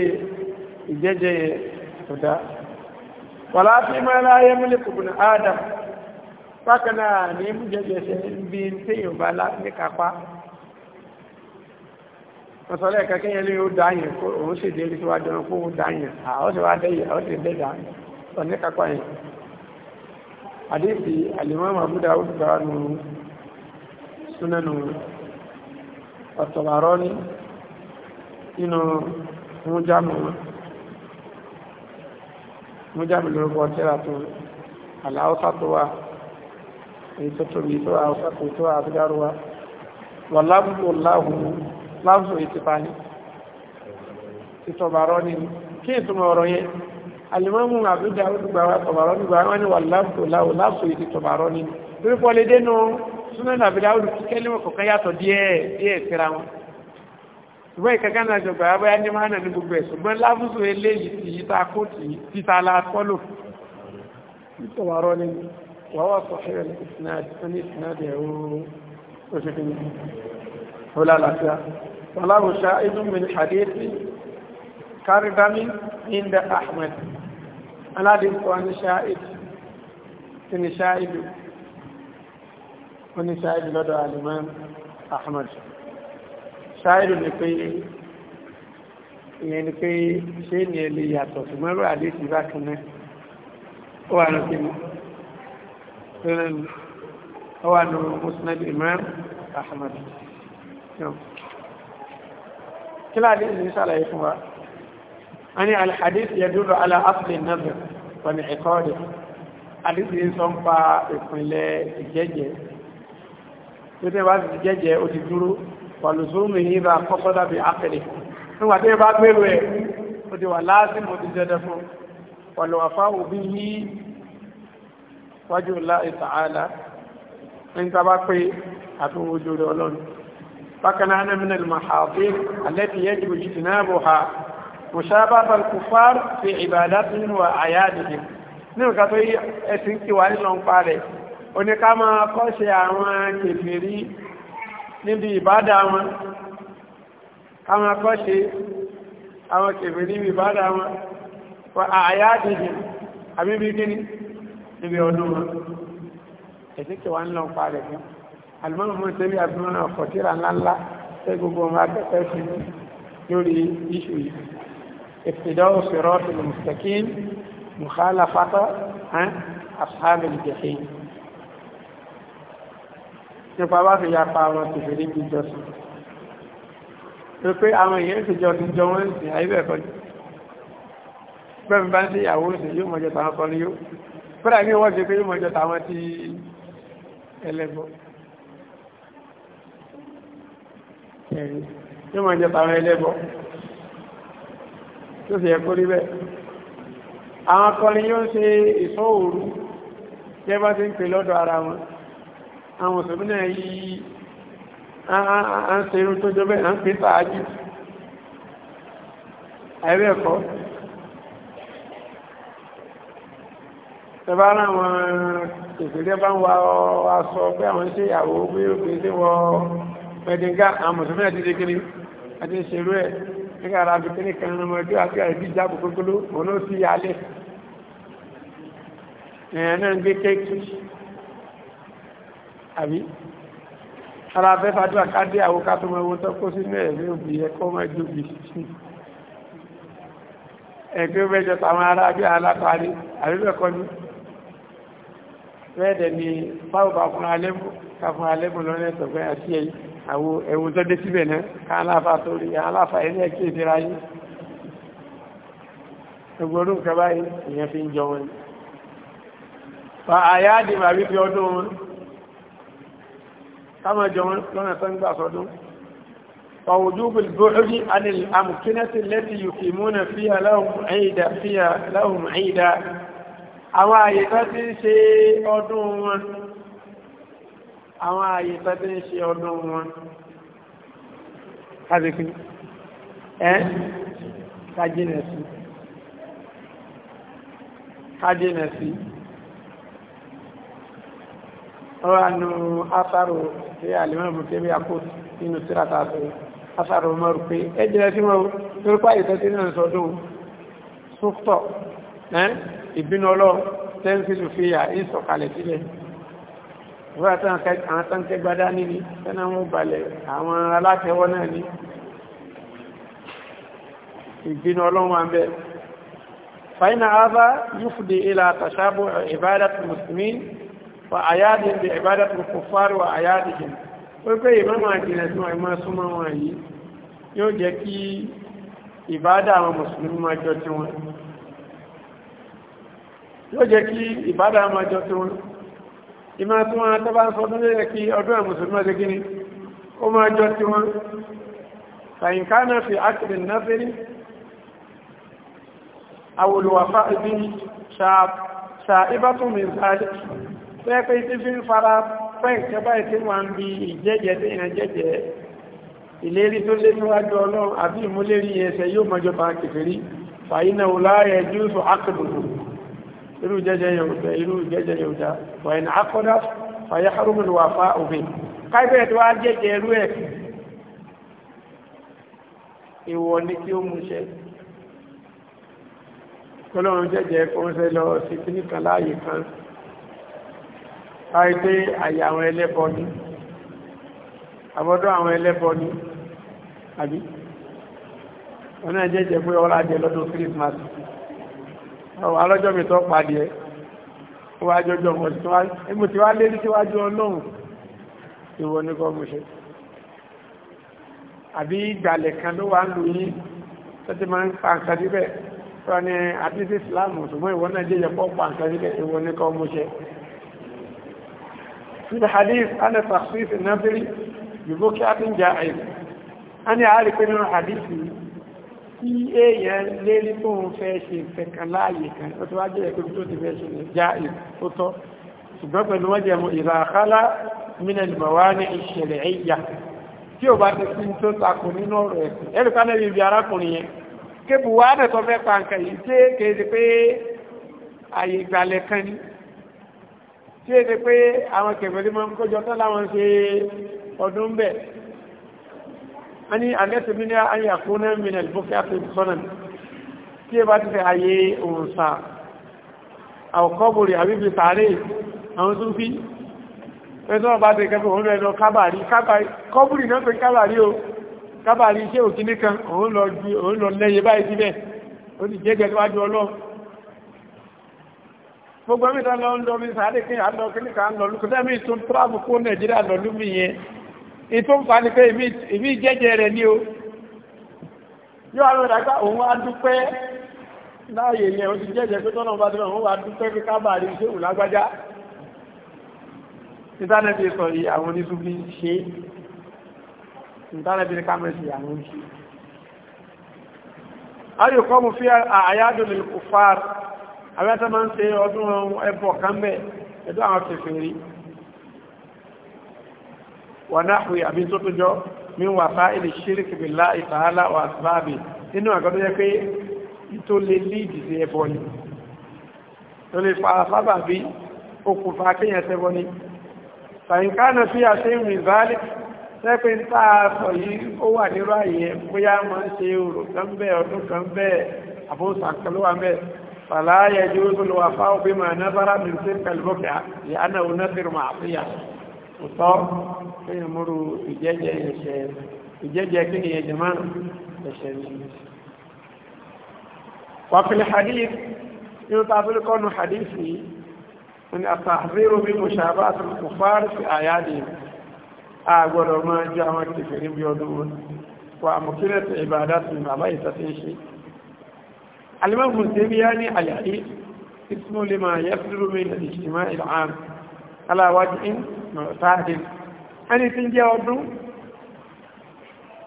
ìjẹ́jẹ́ yẹn kò dá wàlá fi mọ́ ẹlá ayé mílíkù bùnà ádámù bákan náà ní mújẹjẹsẹ bí n téèyàn bá ní kápá ọ̀sọ̀lẹ̀ kẹ́kẹ́ yẹn ní ó dáyẹ̀ kó òun sì dé tó kó ó dáyẹ̀ àwọn sì wá ọ àwọn sì dẹ́dà ọ̀ní kápá yẹn àdéhìí àlèmọ́ àbúdá ó tó wà èyí tó tóbi tó àwòkàkò tó àbúdárò wa wà lábùkù láhùn láhùn èyí ti pa ní ìtọ̀bàrọ̀ ni kí ìtumọ̀ ọ̀rọ̀ yẹn alimọ́mù àbújá ó dùgbà wa tọ̀bàrọ̀ dùgbà wọn ni wà lábùkù láhùn láhùn èyí ti tọ̀bàrọ̀ ni torí pọ̀ lè dénú súnmọ́ nàbìlá olùkíkẹ́ lẹ́wọ̀n kọ̀ọ̀kan وهو صحيح الإسناد أن إسناده وشكل ولا لا وله شاهد من حديث كردم عند أحمد أنا دمت أن شاهد أن شاهد أن شاهد لدى الإمام أحمد شاهد لكي ìyẹn ni pé ṣé ni ẹ lè yàtọ̀ ṣùgbọ́n rẹ̀ àdéhùn bákan náà ó wà lókè náà fẹ́rẹ́ ni ó wà ní musnad imam ahmad kí láti ní sàlàyé fún wa a ní alhadith yadullu ala asli nazar wa ni ẹ̀kọ́ọ̀dẹ̀ hadith yìí sọ ń pa ìpínlẹ̀ ìjẹ́jẹ́ tó tẹ́ bá ti jẹ́jẹ́ ó ti dúró wà lùsùmù yìí bá kọ́kọ́ dàbí àpẹẹrẹ nígbà tí ẹ bá gbèrò ẹ̀ ó ti wà láásìmọ̀ ti jẹ́ wájú Allah ta'ala ní tàbá pé àtún ojú rẹ̀ ọlọ́run bákaná anamina al-mahafi alẹ́tí yẹ́ jù jù náà bò ha mo sábà bá kufar fi ìbàdá tó nínú àyà dìde ní nǹkan tó yí ẹ̀sìn kí wà nílọ ń pa rẹ̀ oníká máa kọ́ àwọn kèfèrí níbi ìbádà wọn ká máa kọ́ àwọn kèfèrí níbi ìbádà wọn àyà dìde àbíbí kíní níbi ọdún wọn ẹ̀sìnkì wa ń lọ pa rẹ̀ fún alimọ́nù mú ìtẹ́lẹ̀ àbúrò ọkọ̀ tíra ńláńlá tẹ́ gbogbo ọmọ akẹ́kọ̀ọ́ sí lórí iṣu yìí ìfìdáwò fìrọ́ ìlú mùsùlùmí mùsàlá fatọ́ asáàbẹ̀ ìjẹ̀hìn nípa bá fi yapa àwọn tìfèrè bí jọsìn ló pé àwọn èèyàn ti jọ kódà ní wọ́n ṣe pé yóò mọ̀jọ́ táwọn ti ẹlẹ́bọ ẹ̀rí yóò mọ̀jọ́ táwọn ẹlẹ́bọ tó sì yẹ kó rí bẹ́ẹ̀ àwọn akọrin yóò ṣe ìsọ́ òru jẹ́ bá ti ń pè lọ́dọ̀ ara wọn àwọn mùsùlùmí náà yí à tó jọ bẹ́ẹ̀ ẹ̀bá láwọn ìpínlẹ̀ bá ń wa aṣọ pé àwọn ṣe ìyàwó pé obìnrin tí wọ mẹ́díngá àwọn mùsùlùmí àti ìdíkiri àti ìṣèlú ẹ̀ nígbà ara fi kíní kan ọmọ ẹjọ́ àti àìbí ìjábò kókóló òun ó sì yálẹ̀ èèyàn náà ń gbé kéèkì àbí ara fẹ́ fàdúrà ká dé àwọn ká tó mọ owó tó kó sínú ẹ̀mí òbí ẹ̀kọ́ máa jó bì ẹ̀kọ́ mẹ́jọ tàwọn ará bí alápárí àbí bẹ́ẹ̀ kọ́ ni rẹ́ẹ̀dẹ̀ ni báwọ̀bá fún alẹ́bù káfún alẹ́bù lọ́nà ẹ̀tọ̀gbẹ́ àti ẹ̀wù tó dé síbẹ̀ náà ká aláfà tó rí aláfà ilẹ̀ kí ìdíra yìí ẹgbẹ̀rún kẹba ìyẹn fi ń jọ wọn fa àyáàdì màá wípé ọdún wọn káwọn jọ wọn lọ́nà tó ń gbà sọdún فوجوب البعد عن الأمكنة التي يقيمون فيها لهم عيدا فيها لهم عيدا àwọn àyè tó ti ń ṣe ọdún wọn àwọn àyè tó ti ń ṣe ọdún wọn kábíkí ẹ́ kájínẹ̀sí kájínẹ̀sí ọwọ́ anú afárò tí àlèmọ́ bùkẹ́ bí akó nínú tírata tó afárò mọ́rù pé ẹjẹ́ sí mọ́ torípa ìtẹ́sí náà sọdún súptọ̀ ẹ́ ìbínú ọlọ́run tẹ́ńsìlù fi yà ìsọ̀kalẹ̀ sílẹ̀ ìwọ́n àtàǹkẹ́gbádá níní tẹ́nà mú balẹ̀ àwọn alátẹwọ́ náà ní ìbínú ọlọ́run àmì fàínà àbá yúfùdí ilá àtàṣàbò ìbádàtù mùsùlùmí wà àyádìí bí ìbádàtù kòfàrò wà àyádìí wípé ìmọ́mọ̀ àjìnà tí wọ́n máa súnmọ́ wọn yìí yóò jẹ́ kí ìbádà àwọn yóò jẹ́ kí ìbádà máa jọ tí wọn ìmá tí wọ́n tọ́bá ń sọ tó lẹ́yẹ kí ọdún àmùsùlùmọ́ ti gíní ó máa jọ tí wọ́n fàyínká náà fi ákìrì náfẹ́rí àwòlùwàfà ibi ṣàìbátún mi záàlì tẹ́ pé tí fi ń fara pẹ́ǹkẹ́ báyìí tí wọ́n bí ìjẹ́jẹ́ irú jẹ́jẹ́ yòòdá irú jẹ́jẹ́ yòòdá wọ̀nyìn akọ́dá fàyẹ́ harumul wà fá òfin káìpẹ́ tó wá jẹ́jẹ́ irú ẹ̀ ìwọ ní kí ó mú ṣe kọlọ́run jẹ́jẹ́ kọ́ńṣẹ́ lọ sí kíníkan láàyè kan káìpẹ́ àyà àwọn ẹlẹ́bọ ni àbọ́dọ́ àwọn ẹlẹ́bọ ni àbí wọn náà jẹ́jẹ́ pé ọlá jẹ lọ́dún Christmas ọwọ́ alọ́jọ́ mi tó padì ẹ́ ó wá jọjọ́ mọ̀ sí wá mo ti wá lé ní síwájú ọlọ́run ìwọ ní kọ́ mo ṣe àbí ìgbàlẹ̀ kan ló wà ń lu yín tó ti máa ń pa nǹkan síbẹ̀ tó ní àdísí ìsìláàmù ṣùgbọ́n ìwọ náà jẹ́ yẹpọ̀ pa nǹkan síbẹ̀ ìwọ ní kọ́ mo ṣe tí èèyàn lé ní tó ń fẹ́ ṣe ìfẹ̀kà láàyè kan ó ti wá jẹ́ ẹ̀kọ́ tó ti fẹ́ ṣe lè já ìtò tọ́ ṣùgbọ́n pẹ̀lú wọ́n jẹ́ mú ìlàkálá mínà ìbọ̀wá ní ìṣẹ̀lẹ̀ ẹ̀yà tí ò bá ti fi tó takò nínú ọ̀rọ̀ ẹ̀sìn ní alẹ́sẹ̀ mi ní ayàkúnná mìíràn bókẹ́ àfẹ́sọ́nà tí ẹ bá ti fẹ́ ayé òǹsà àwọ̀kọ́bùrì àbíbi sàárè àwọn tó fi ẹ̀sọ́ ọba ti kẹfẹ́ òun lọ kábàrí kọ́bùrì náà pé kábàrí o kábàrí iṣẹ́ òkíní kan òun lọ lẹ́yẹ báyìí síbẹ̀ ó ti jẹ́ gẹ́gẹ́wájú ọlọ́ gbogbo mìíràn lọ ń lọ mi sàárè kí ìtò ń fa ni pé ìmí jẹ́jẹ́ rẹ̀ ní o yóò àwọn ìdàgbà òun wá dúpẹ́ láàyè yẹn o ti jẹ́jẹ́ pé tọ́nà bá dúpẹ́ òun wá dúpẹ́ pé ká bàárí ṣé òun lágbájá ìtànẹ́bí sọ yìí àwọn oníṣubí ṣe ìtànẹ́bí ní kámẹ́sì àwọn ṣe ayò kọ́ mu fi àyájò lè kò fáàr àwọn ẹ̀tọ́ máa ń ṣe ọdún ẹbọ kan bẹ́ẹ̀ ẹ̀dọ́ àwọn kẹfẹ́ wọnáhùn àbí tó tó jọ min wasaili shirki billahi ta'ala wa asbabi nínú àgọ́dọ́ jẹ́ pé tó lè líìdì sí ẹbọ ni tó lè fa sábà bí okùnfà kéèyàn sẹ́bọ ni fàyínkánà sí àṣẹ ìrìnbálẹ̀ sẹ́pẹ́ ń tà sọ yìí ó wà nírú àyè bóyá máa ń ṣe òrò kan bẹ́ẹ̀ ọdún kan bẹ́ẹ̀ àbóṣàkọlọ́wà bẹ́ẹ̀ fàlàyé jù ó tó lọ wà fáwọn bí màá nábàrà mi sí pẹ̀lú bọ́kẹ́ yà náà ó náà fi rùmà kò tọ́ kéèyàn múru ìjẹ́jẹ ẹ̀ṣẹ̀ ìjẹ́jẹ kéèyàn jẹ̀mọ́ ẹ̀ṣẹ̀ nìyí. wàfíìlì hadith nínú tá a fílẹ̀ kọ́nu hadith yìí wọ́n ni àtàzírò bí mo ṣàbá àti kò fárí sí àyáde a gbọ́dọ̀ máa jẹ́ àwọn kìfìrí bí ọdún wọn wà mọ̀kílẹ̀ tẹ̀ ìbàdá sí bàbá ìtàtí ṣe alimọ́ mùsùlùmí yá ní àyàdí ismú máa yẹ́ fúrú mi ní ìlànà aláwájú in tààdì ẹni tí ń jẹ́ ọdún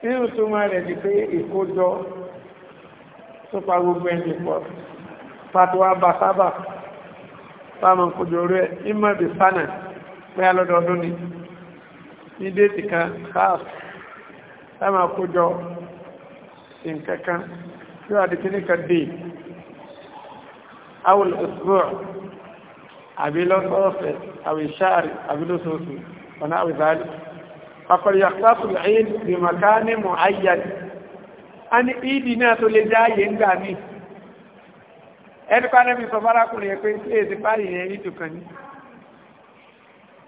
nínú tó máa rẹ̀ di pé ìkójọ tó pa gbogbo ẹni pọ̀ fàtíwá bá sábà sáàmù kòjò rẹ̀ ìmọ̀ bí sánà pé alọ́dọọdún ni ní déètì kan káàf sáàmù kòjọ nǹkankan tí wà dìkíníkà dé àbí lọ́sọ̀ọ̀sẹ̀ àbí ṣáàrì àbí lóṣooṣù ọ̀nà àwìzáàlì pàpàrí àkásù ìd bí màká ní mọ̀ ayyàlì a ní ìdí náà tó lè já ayé ń gbà mí ẹnìkan náà mi sọ fárakùnrin ẹ̀ pé sí èsì báyìí yẹn ní tùkàn ní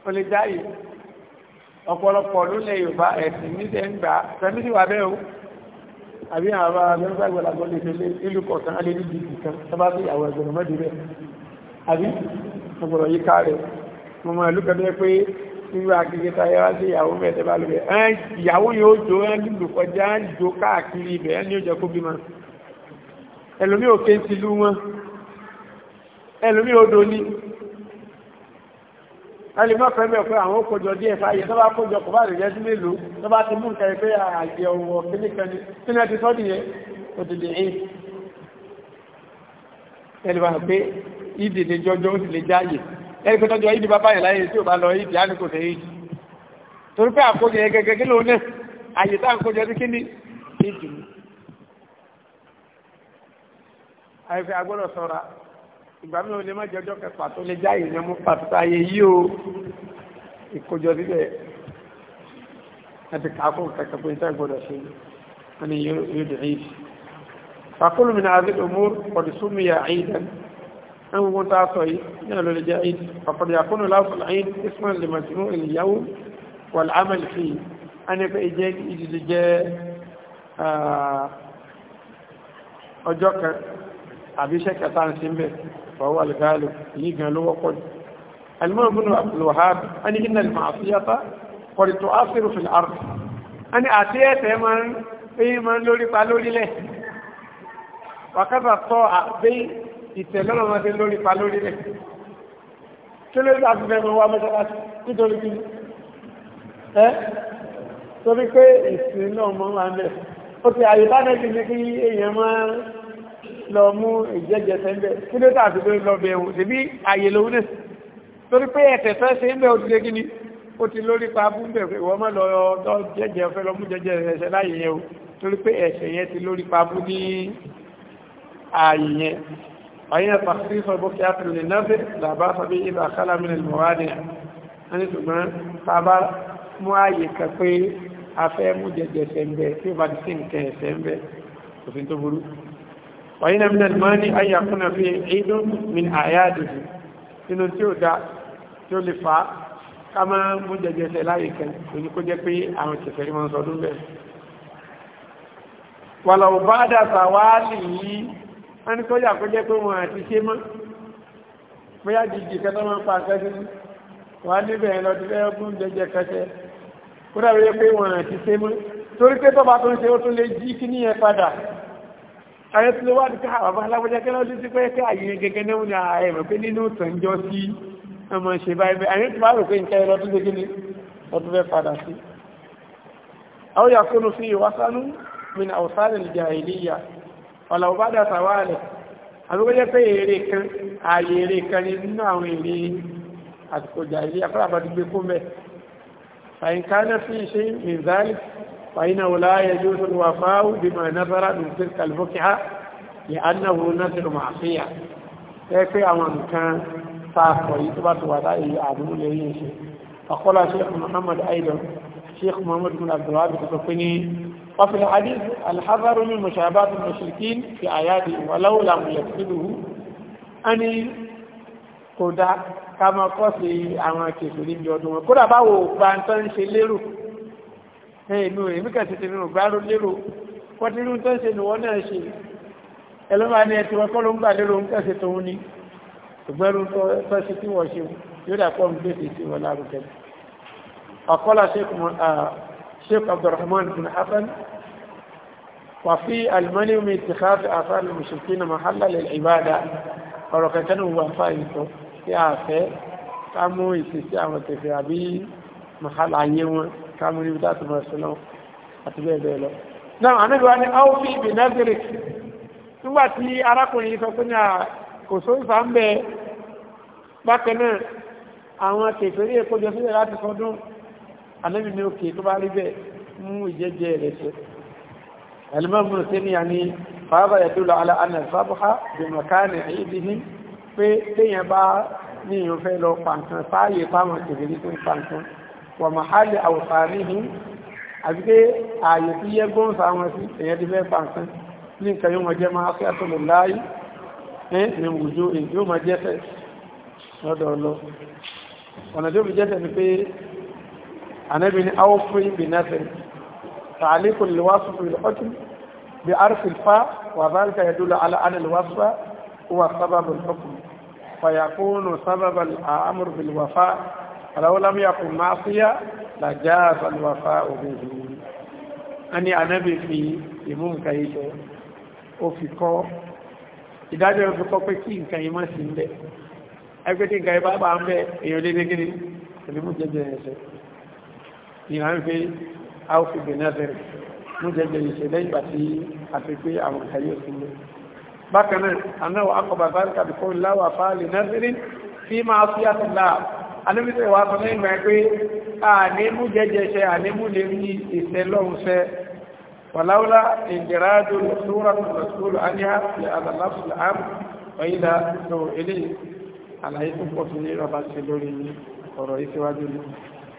ó lè já ayé ọ̀pọ̀lọpọ̀ ló lè yorùbá ẹ̀sìn nílẹ̀ ọgbọ̀rọ̀ yíká rẹ̀ mo mọ̀ ìlú kẹ́tọ́ pé irú agbègbè tá yára sí ìyàwó mẹ́tẹ̀ bá lóbi ẹ̀ ìyàwó yóò jó ẹ̀ lùlù kọjá ń jó káàkiri ibẹ̀ ẹ̀ ní ó jẹ́ kó bímọ ẹlòmí òkè ń tilú wọn ẹlòmí odò ní ẹlòmí ọ̀fẹ́ mẹ́ pé àwọn kójọ díẹ̀ fáyé tó bá kójọ kò bá rẹ̀ yẹ́dí mélòó tó bá ti mú nǹkan pé àjẹ ọ̀wọ̀ kíníkan ní ti sọ́dìyẹ ìdì ní jọjọ ó sì lè jáàyè ẹni pẹ́tọ́jú ìdì bàbá yẹn láyé tí ò bá lọ ìdì á ní kò sí ìdì torí pé àkójọ gẹ́gẹ́ kí ló ní àyè tá àkójọ sí kí ni ìdì ni. àyẹ̀fẹ́ agbọ́dọ̀ sọ̀ra ìgbà mi ò lè má jọjọ kẹfà tó lè jáàyè ní ọmọ pàtàkì ayé yìí o ìkójọ síbẹ̀ àti kàákó kẹkẹ́ pé ìtẹ́ gbọ́dọ̀ ṣe ni yóò dùn ìdì. فكل من هذه الأمور قد سمي عيدا ẹn gbogbo tá a sọ yìí ní àlọ́ lè jẹ́ eid ọ̀pọ̀lọpọ̀ àkónú láfọ̀lá eid ismail lè mọ̀ sínú ìyàwó wàlá amal fi a ní pé ìjẹ́ ìdìdì jẹ́ ọjọ́ kan àbí iṣẹ́ kẹta ń sin bẹ́ẹ̀ fọwọ́ alìgáàlù yìí gan ló wọ́pọ̀ jù alimọ́n bínú abdulwahab a ní iná lè máa fíyàtá pọ̀lìtò áfíìrù fìlà àrùn a ní àti ẹ̀tẹ̀ máa ń lórí pa lórílẹ̀ wàkátà tọ́ àbẹ́yìn ìtẹ̀ lọ́nà máa ṣe lórí pa lórí rẹ̀ kí ló dá fífẹ́ mọ́ wá mọ́ṣáláṣí nítorí kí ni ẹ́ torí pé ìsìn náà mọ́ máa ń bẹ̀ ó ti àyè bá nẹ́bí ní kí èèyàn máa lọ mú ìjẹ́jẹ sẹ́ńbẹ̀ kí ló dá fífẹ́ lọ bẹ̀ ẹ̀wọ̀n ṣèbí àyè lòun náà torí pé ẹ̀tẹ̀ fẹ́ ṣe ń bẹ̀ ó kí ni ó ti lórí pa búńbẹ̀ pé ìwọ́n máa lọ ọdọ́ jẹ́jẹ fẹ́ lọ mú jẹ́jẹ ẹ̀ṣẹ̀ láyè yẹn o torí pé ẹ̀ṣẹ̀ yẹn ti lórí pa bú ní ààyè yẹn أي تخصيص بكيات للنفع لا بأس به إذا خلا من الموانع ẹni ṣùgbọ́n sábà mú ààyè kan pé a fẹ́ mú jẹjẹ ṣẹ̀mbẹ̀ tí ó bá ti sí nǹkan ẹ̀ṣẹ̀mbẹ̀ òfin tó burú wàyínà mi náà máa ní àyà fún àfi ìdún mi ní àyà àdìsí nínú tí ó dá tí ó lè fà á ká máa mú jẹjẹ ṣẹ láàyè kan òní kó jẹ́ pé àwọn ìṣẹ̀fẹ̀ rí máa ń sọdún bẹ́ẹ̀ wàlọ̀ bá dàsà wá lè yí wọ́n ní kọ́jà kó jẹ́ pé wọn àti ṣe mọ́ bóyá jìjì kẹta máa ń pa akẹ́sí wà níbẹ̀ ẹ̀ lọ́dún fẹ́ ọdún jẹjẹ kẹsẹ̀ kó dàbí pé wọn àti ṣe mọ́ torí pé tọ́ba tó ń ṣe ó tún lè jí kí ní ẹ padà ayé tí ló wá dùkà àbá alábọ́já kẹ́lá ọdún sí pé kí àyè gẹ́gẹ́ náà ní ààrẹ mọ̀ pé nínú tànjọ́ sí ọmọ ṣe báyìí ayé tí wá rò pé nǹkan ẹ̀rọ tún gẹ́gẹ́ ní ọdún fẹ́ padà sí àwọn yàkónú fi ìwásánú min àwòsánil jàìlíyà ọ̀là ò bá dà sàwálẹ̀ àbúkọ́ jẹ́ pé èrè kan ààyè èrè kan ní nínú àwọn èrè àsìkò jàìlì afẹ́ràbàdì gbé kó mẹ́ fàyínkáná fi ṣe mìzáàlì fàyínà wòlá yẹjú tó wà fáwù bí mà nására ní sí kalmọ́kíá yà annáwó násìrò máa fi yà ẹ pé àwọn nǹkan وفي الحديث الحذر من مشابهة المشركين في آياته ولو لم يفقده أني kódà ká máa kọ́ sí àwọn akẹ́kọ̀ọ́ níbi ọdún wọn kódà báwo gba ń tán ṣe lérò inú èmi kà tètè nínú gbárò lérò wọ́n ti rí ń tán ṣe nìwọ́ náà ṣe ẹlọ́mà ní ẹtì wọn kọ́ ló ń gbà lérò ń kẹ́sẹ̀ tóun ní ìgbẹ́rù tó ṣe tí wọ́n ṣe yóò dà pọ̀ ń gbèsè sí wọn lárugẹ ọ̀kọ́lá ṣe kùn الشيخ عبد الرحمن بن حسن وفي المنع من اتخاذ آثار المشركين محلا للعبادة وركتنا وفايته يا أخي كامو يسيسيام تفعبي محل عيوة كامو نبدات مرسلون أتبع بيلو náà àmìlú wa ni áwọ́fí ibi nazirik nígbàtí arákùnrin sọ pé ní kò só ìfà ń bẹ bákan anábì ní òkè tó bá rí bẹ́ẹ̀ mú ìjẹ́jẹ́ rẹ̀ ṣe ẹ̀lẹ́mọ̀mù tí ní àní fàábà yàtúlọ̀ ala anna sábùhá bí mọ̀kánì àyíbihim pé téèyàn bá ní ìyàn fẹ́ lọ pàǹkan fáàyè fáwọn kèfèrí tó ń pàǹkan wà màhálì àwòfàánihim àti pé ààyè tí yẹ gbóǹsà wọn sí èyàn ti fẹ́ pàǹkan ní nǹkan yóò mọ̀ jẹ́ máa fẹ́ tó lò láàyè ẹ́ ní wùjọ èyí yóò mọ̀ jẹ́fẹ́ lọ́dọ̀ lọ ọ̀nà tó fi jẹ́fẹ́ ni pé anabi ni awfin bi nafin ta'liqu al-wasf bil hukm bi arf al-fa wa dhalika yadullu ala anna al-wasfa huwa sabab al-hukm fa yakunu sabab al-amr bil wafa law lam yakun ma'siya la jaza al-wafa bihi ani anabi fi imum kayito ó fi kọ́ ìdájọ́ ló fi kọ́ pé kí nǹkan yìí má sí ń bẹ̀ ẹgbẹ́ tí nǹkan yìí bá bá ń bẹ̀ èèyàn lé ní kíni ìlú mú jẹjẹrẹ ẹ̀ṣẹ̀ ìhàn ń fi áwòfin benazir mú jẹjẹ ìṣẹ̀lẹ̀ ìgbà tí a fi pé àwọn ìkàyé òsìnlẹ̀ bákan náà anáwọ̀ akọ̀bà bárkà bí kún láwà fáàlì nazirin tí máa fi àtìlá alẹ́bíṣẹ́ ìwà sọ ní ìgbà pé ànímú jẹjẹ ṣe ànímú lè rí ìṣẹ́ lọ́hùn ṣẹ́ wàláwùlá ìgbìrájò lọ́sọ́rọ̀ lọ́sọ́rọ̀ aníhà sí àdàlásùlá àmì tó ní ọ̀rọ̀ ìṣíwájú ní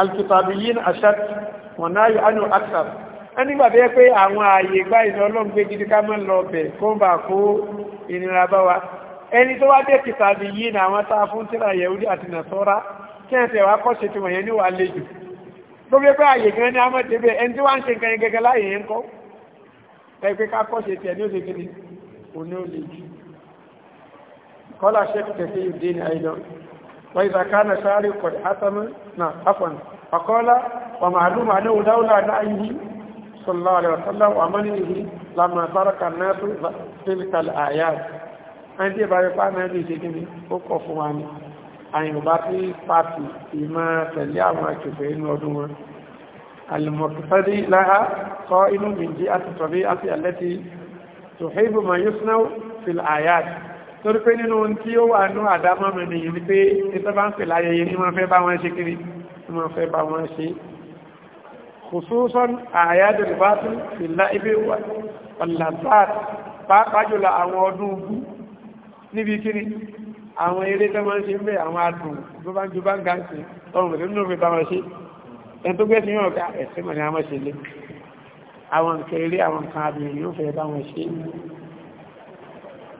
alkitabiliyin ashat wọn náà yóò ánú aksar ẹnigbà bẹ́ẹ̀ pé àwọn ààyè gbá ìlú ọlọ́run pé gidi ká mọ́ lọ bẹ̀ kó ń bà kó ìnira bá wa ẹni tó wá dé kìtàbíyìn àwọn tá a fún tíra yẹ̀wúdí àti nàṣọ́ra kí ẹ̀sẹ̀ wá kọ́ṣe tí wọ̀nyẹn ní wà lẹ́jù tó bí pé ààyè وإذا كان شاري قد حتم نعم عفوا فقال ومعلوم أنه لولا نعيه صلى الله عليه وسلم ومنعه لما ترك الناس تلك الآيات أنت بابا نبي سيدني وقف واني àyìn bá fi pàtì ìmọ̀ tẹ̀lé àwọn akẹfẹ́ inú ọdún wọn alìmọ̀kẹfẹ́dí láha kọ́ inú mìí jí àti tọ̀rí torí pé nínú ohun tí ó wà ní àdámọ́ mi nìyí ni pé ìtọ́ bá ń pè láyẹyẹ ní wọ́n fẹ́ bá wọn ṣe kiri ní wọ́n fẹ́ bá wọn ṣe khususan àyájọ́ ìbátú ìlà ibi ọ̀làbáàt pàápàá jùlọ àwọn ọdún ogún níbi kiri àwọn eré tó máa ń ṣe mẹ́ àwọn adùn tó bá ń ju bá ń ga ṣe ọrùn tó nínú fi bá wọn ṣe ẹni tó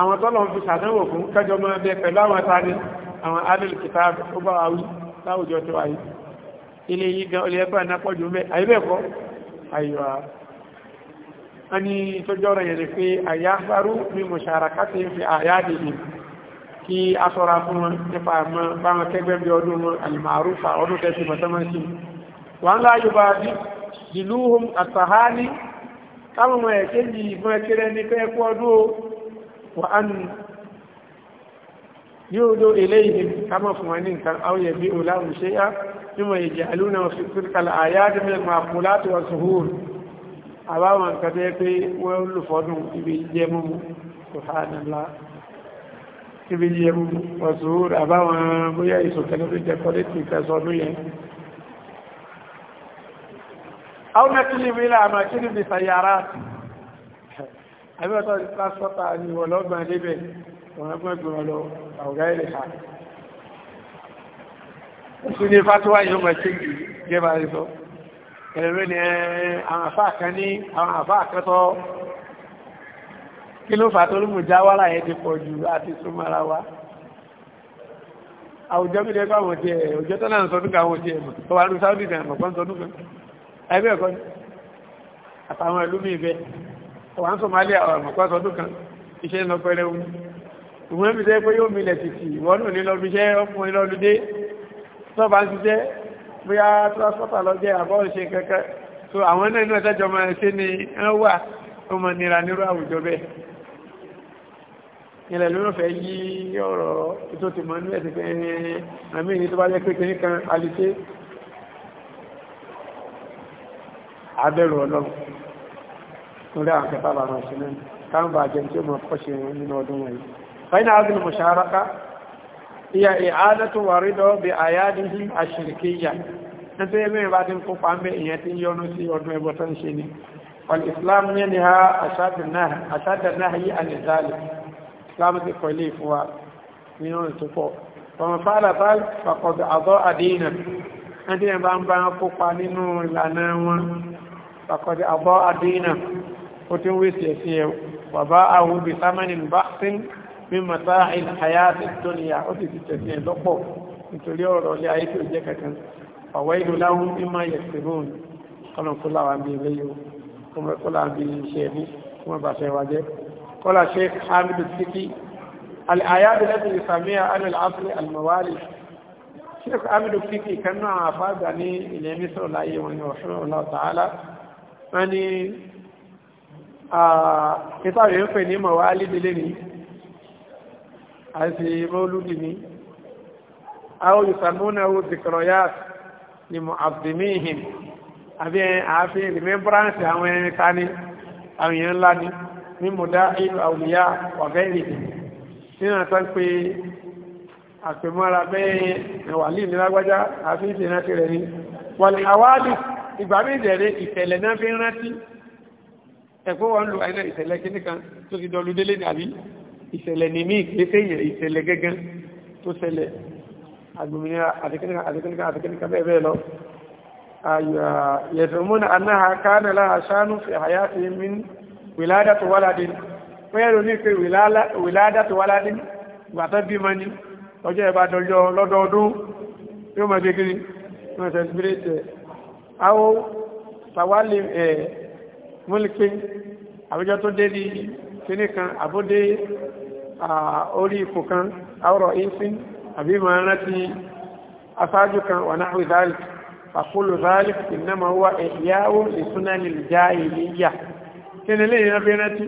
àwọn tọ́lọ̀ ń fi sàdánwò fún kẹjọ mọ́ ẹbẹ pẹ̀lú àwọn tani àwọn alìkìta ó bá wa wí láwùjọ tó wáyé ilé yìí gan olè ẹgbẹ́ àná mẹ́ àyíbẹ̀kọ́ àyíwá a ní ni pé àyá farú ní mọ̀ṣàràká ti ń fi àyá dìde kí a sọ́ra fún wọn nípa àmọ́ báwọn kẹgbẹ́ bí ọdún wọn àlùmọ̀rúfà ọdún àtàhání káwọn ẹ̀kẹ́ yìí fún ẹkẹrẹ ní fẹ́ ọdún wà á nù yóò dó eléyìí ká mọ̀ fún wa ní nǹkan áwòyẹ̀ bí oláhùn ṣe á mímọ̀ ìjẹ́ alúnà fi kúrkàlà àyá dẹ́mẹ̀ máa kú láti wọ́n sùhúrù àbáwọn nǹkan tó yẹ pé wọ́n lù fọ́dún ibi jẹ́ múmu sùhánàlá ibi jẹ́ múmu wọ́n sùhúrù àbáwọn bóyá ìsòkẹ́lẹ́ tó jẹ́ kọ́lẹ́tì kẹsọ́dún yẹn àwọn mẹ́kìlì mílà àmàkìlì bí sàyàrá àbẹ́ọ̀tọ́ ti pásọ́tà ní ọlọ́gbọ̀n débẹ̀ ọ̀rọ̀gbọ̀n lọ àwọ̀gá ilẹ̀ ha òsùn ní fatuwa yóò mọ̀ sí gẹ́bà ìsọ ẹ̀rẹ́ ni àwọn àfáàkan ní àwọn àfáàkẹ́tọ́ kí ló fà tó lùmù já wálà yẹn ti pọ̀ jù àti súnmọ́ra wa àwùjọ mi lẹ́gbà wọ́n ti ẹ̀ òjò tó náà ń sọdún káwọn ti ẹ̀ mọ̀ tó wà ní sáúdì ìdàn àmọ̀kọ́ ń sọdún kan ẹgbẹ́ ẹ̀kọ́ ni àtàwọn ìlú mi bẹ́ẹ̀ wà ń Somalia ọ̀rọ̀ mọ̀kọ́ sọdún kan iṣẹ́ lọ pẹ̀rẹ̀ omi ìwọ̀n mi sẹ́ pé yóò milẹ̀ títì ìwọ́n ò ní lọ bí iṣẹ́ ọkùnrin lọ́dún dé tọ́ba ń ṣiṣẹ́ bóyá transporter lọ jẹ́ àbọ̀ ṣe kẹ́kẹ́ so àwọn náà inú ẹ̀tẹ́jọ máa ṣe ni wọ́n wà tó mọ nira nírú àwùjọ bẹ́ẹ̀ ilẹ̀ ló fẹ́ yí ọ̀rọ̀ tó ti mọ̀ nílẹ̀ ti fẹ́ àmì ìní tó bá jẹ́ pé kìíní kan alìṣe abẹ́rù ọlọ́run torí àwọn kẹta bá máa ṣe náà káwọn bá jẹ tí ó máa kọ́ṣe wọn azul musharaka iya i'adatu warido bi ayadihi ashirikiyya nítorí ẹgbẹ́ bá ti ń kópa ń bẹ ìyẹn ti ń yọnu sí ọdún ẹbọ tó ń ṣe ni wal-islam yanha ashadda nahyi an dhalik islam ti kọ ilé ìfún wa nínú ìtúpọ̀ ọmọ fàálà fàálà fàkọ̀dù àdọ́ àdínà ẹni tí ẹ bá ń bá kópa nínú wọn fàkọ̀dù àdọ́ àdínà ó ti ń wéṣẹ̀ sí ẹ wà bá àwọn obì sámánìn bá sí ní mọ̀tá ìlàyà àti ìtòníyà ó sì ti tẹ̀sí ẹ lọ́pọ̀ nítorí ọ̀rọ̀ ilé ayé tó jẹ́ kankan ọ̀wọ́ ìlú láwọn ní máa yẹ̀ sí bóun kọ́nà kó شيخ أمد فيكي كنا عفاظني إلى مصر الله ورحمه الله تعالى ìtàwé ń pè ní mọ̀wá alídélé ní àti mọ́lúdì ní àwọn ìsànmúnáwó ni mọ̀ abdimihim àbí ààfin remembrance àwọn ẹni ká ní àwọn èèyàn ńlá ní ní mọ̀dá ìlú àwùyá wàfẹ́ ìdí nínú àtàn pé àpèmọ́ra bẹ́ẹ̀ ìwàlì ìnilágbájá àfi ìdènà tirẹ̀ ní wàlì àwádìí ìgbà méjèèrè ìtẹ̀lẹ̀ náà fi rántí ẹ̀pọ̀ wọn lò àìlẹ̀ ìṣẹ̀lẹ̀ kíní kan tó ti dọ̀lú délé àbí ìṣẹ̀lẹ̀ ní mí kéèké yẹn ìṣẹ̀lẹ̀ gẹ́gẹ́ tó ṣẹlẹ̀ agbòmìnira àtikẹ́nìkà àtikẹ́nìkà àtikẹ́nìkà bẹ́ẹ̀ bẹ́ẹ̀ lọ yẹ̀sùmúnà anáhà kánàlá àṣánú fi àyà fi min wìládà tó wáládín fẹ́ẹ̀ lóní pé wìládà tó wáládín gbàtọ́ múlípé àwùjọ tó dé di kíní kan àbúdé orí ipò kan àwọ̀rọ̀ ìsìn àbí máa rántí asájú kan wà náà ìzáàlì àkúlù záàlì ìnáma wà ìyáwó ìsúná ní ìjà kí ni lè rántí rántí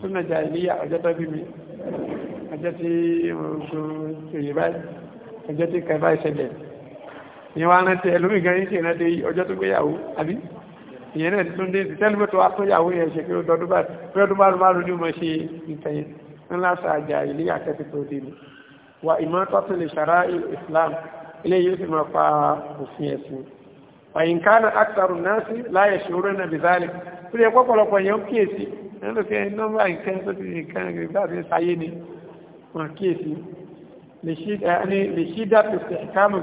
súnà ìjà ìlíyà ọjọ́ tó bí mi ọjọ́ tí ọjọ́ tí kẹfà ìṣẹ̀lẹ̀ ni wọ́n rántí ẹlòmígan ìṣẹ̀lẹ̀ ọjọ́ tó gbéyàwó àbí ìyẹn náà tún dé ti tẹ́lifẹ̀ tó wá tó yàwó yẹn ṣe pé ọdọọdún bá pé ọdún bá máa rojú mọ́ ṣe ìtẹ̀yìn ńlá ṣàjà ilé àkẹ́sì tó dé ni wa ìmọ́tọ́tún lè ṣàrá islam ilé yóò sì máa pa òfin ẹ̀sìn ọ̀yìn àtàrù náà sí láyẹ̀ ṣòro náà bí záàlì tó yẹ pọ́pọ̀lọpọ̀ yẹn ó kíyèsí nínú fi lè ṣí dàtò sí ẹ̀kámù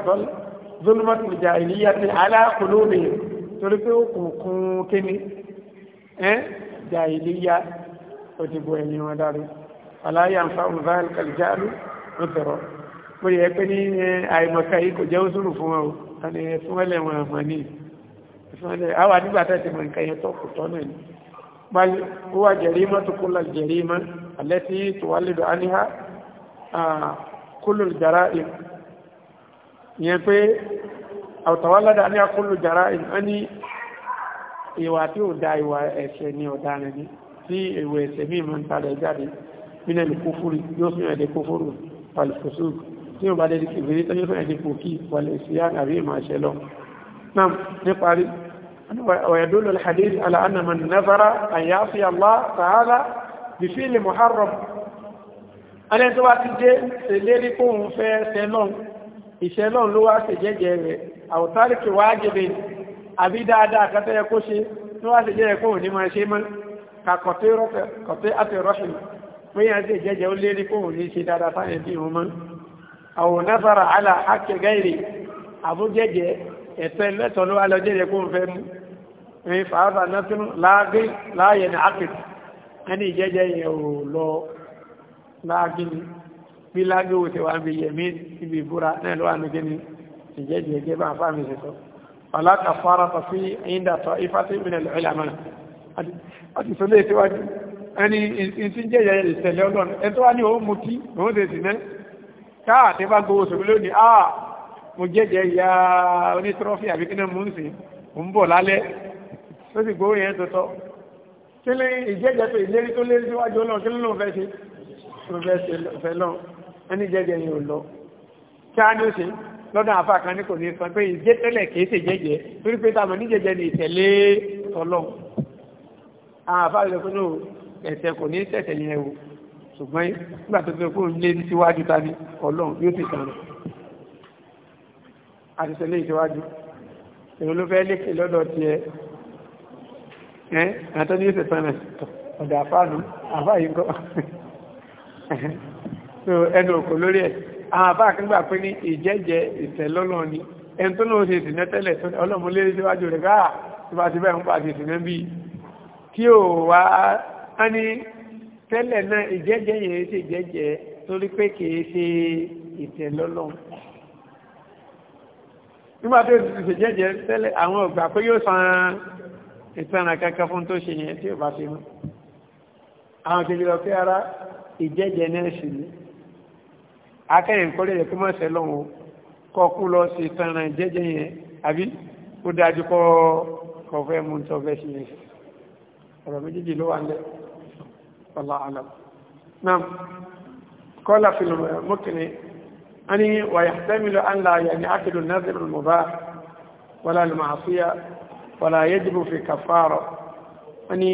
zọlùmọ́tò jà ìlíyà ti aláàkùnlóbìnrin torí pé ó kùn kún kíní ẹ́ jà ìlíyà òdìbò ẹ̀yìn wọn dáre aláyà ń fa òǹfààl kàlìjáàlú ń sọ̀rọ̀ mo yẹ pé ní àìmọ̀ká yìí kò jẹ́ òṣùrù fún wọn o àni ẹ̀fúnwẹ́lẹ̀ wọn àmọ́ ní ìfúnwẹ́lẹ̀ àwọn àdúgbà tẹ̀sí mọ̀ nǹkan yẹn tó kù tọ́ náà ni bal huwa jarimatu kullu jarima allati tuwallidu anha kullu al-jara'im yẹn pé àwòtàwáládà ní akóló jàrá ìmọ́ni ìwà tí ó da ìwà ẹ̀ṣẹ̀ ní ọ̀daràn ní tí ìwà ẹ̀ṣẹ̀ mí mọ́ ń padà jáde nínú ẹ̀lú kófúrì yóò fún ẹ̀dẹ̀ kófúrù pàlùfòsù tí ó bá dẹ̀ ìgbèrè tó yóò fún ẹ̀dẹ̀ kòkí wàlẹ̀ ìsìyá àbí ìmọ̀ àṣẹ lọ náà níparí ويدل الحديث على أن من نذر أن يعصي الله تعالى بفعل محرم أنا أنت وقت جاء سيدي كون فيه سنون ìṣẹ́ lọ́n ló wá ṣe jẹ́jẹ́ rẹ̀ àwòtárìkì wá jẹ́bẹ̀ àbí dáadáa kátẹ́ yẹ kó ṣe ló wá ṣe jẹ́jẹ́ kó ní máa ṣe mọ́ ka kọ̀tẹ́ àti rọ́ṣìn péyà ṣe jẹ́jẹ́ ó lé ní kó ní ṣe dáadáa sáyẹn bí wọn mọ́ àwọn náfàrà àlà láàyẹ̀ ní àpè ẹni ìjẹ́jẹ́ yẹn ò lọ ni bí lágbèwò ti wà níbi yẹ̀mí ibi ìbúra náà ló wà ní gẹ́ni ìjẹ́jì ẹgẹ́ bá fà mí sẹ́tọ́ ọ̀làkà fara tọ̀ sí ìyíndàtọ̀ ifásí ìbìnà lọ́ọ̀lá mọ́nà àti sọ léè síwájú ẹni ìsìn jẹ́jẹ́ ìṣẹ̀lẹ̀ ọlọ́run ẹni tó wá ní òun mutí òun ti sì náà káà tí bá gbowó sòrò lónìí ah mo jẹ́jẹ́ ìyá onítírọ́fì àbí kí náà mú ń sìn ń bọ̀ lálẹ́ ni ìjẹ́jẹ́ tó ìlérí tó lérí síwájú ọlọ́run kí ló lóun fẹ́ ṣe lóun fẹ́ lọ́run ẹni jẹ́jẹ́ yìí ò lọ kí á ní ó ṣe lọ́dọ̀ àfà kan ní kò ní sọ pé ìjẹ́ tẹ́lẹ̀ kìí ṣe jẹ́jẹ́ torí pé táwọn ní jẹ́jẹ́ ní ìtẹ̀lé tọ́lọ́ àwọn àfà rẹ̀ fún ẹ̀sẹ̀ kò ní tẹ̀sẹ̀ yẹn o ṣùgbọ́n nígbà tó fẹ́ kó lé síwájú ta ní ọlọ́run yóò ti kàn àti tẹ̀lé ìṣíwájú èrò ló fẹ́ lékè lọ́dọ̀ ti ẹ ẹ́ àtọ́ ní ìṣẹ̀tàn rẹ̀ ọ̀dà so ẹnu òkò lórí ẹ̀ àwọn àbá àkíngbà pé ní ìjẹ́jẹ́ ìtẹ̀lọ́lọ́ ni ẹni tó lóun ṣe ìsìnẹ́ tẹ́lẹ̀ tó ọlọ́run lé síwájú rẹ̀ káà ah, tó bá ti bẹ́ẹ̀ ń pàṣẹ ìsìnẹ́ bí kí ò wá á ní tẹ́lẹ̀ náà ìjẹ́jẹ́ yẹn ṣe ìjẹ́jẹ́ torí pé kìí ṣe ìtẹ̀lọ́lọ́ nígbà tó ti ṣe jẹ́jẹ́ tẹ́lẹ̀ àwọn ògbà pé ara ìjẹ́jẹ́ náà ṣì akẹ́yìn nǹkan lè yẹ kí wọ́n ṣe lọ́wọ́ kọ́ kú lọ sí tanra jẹ́jẹ́ yẹn àbí ó dájú kọ́ kọ́ fẹ́ mú tó fẹ́ ṣe ọ̀rọ̀ méjèèjì ló wà ń lẹ̀ ọ̀la àlọ́ náà kọ́lá fi mọ́kìnrin a ní wàyà tẹ́mìlò à ń la àyà ní àkìlò nàzẹ́rù mọ̀bá wàlá lè máa fúyà wàlá yẹ́dìbò fi kàfàrọ̀ a ní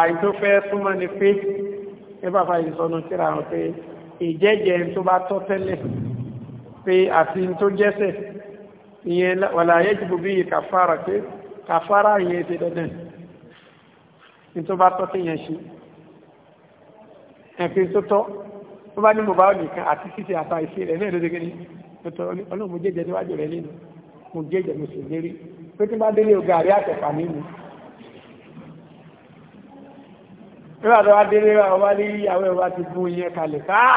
àìtó fẹ́ súnmọ́ ni pé ẹ bá fa ìsọnù kíra àwọn pé ìjẹ́jẹ́ tó bá tọ́ tẹ́lẹ̀ pé àti tó jẹ́sẹ̀ ìyẹn wàlá yajibu bí i kàfàrà pé kàfàrà yẹn ti dandan ní tó bá tọ́ sí yẹn ṣe ẹ̀fẹ́ tó tọ́ tó bá ní mo bá ọ̀ nìkan àti títí àta ìṣe rẹ̀ náà lóde gẹ́ni ọ̀tọ̀ ọlọ́run mo jẹ́jẹ́ níwájú rẹ̀ nínú mo jẹ́jẹ́ mo sì lérí pé tí bá délé ogun àrí àtẹ̀fà nínú nígbà tó wá délé ọba ní ìyàwó ẹ̀wà ti bú ìyẹn kalẹ̀ káà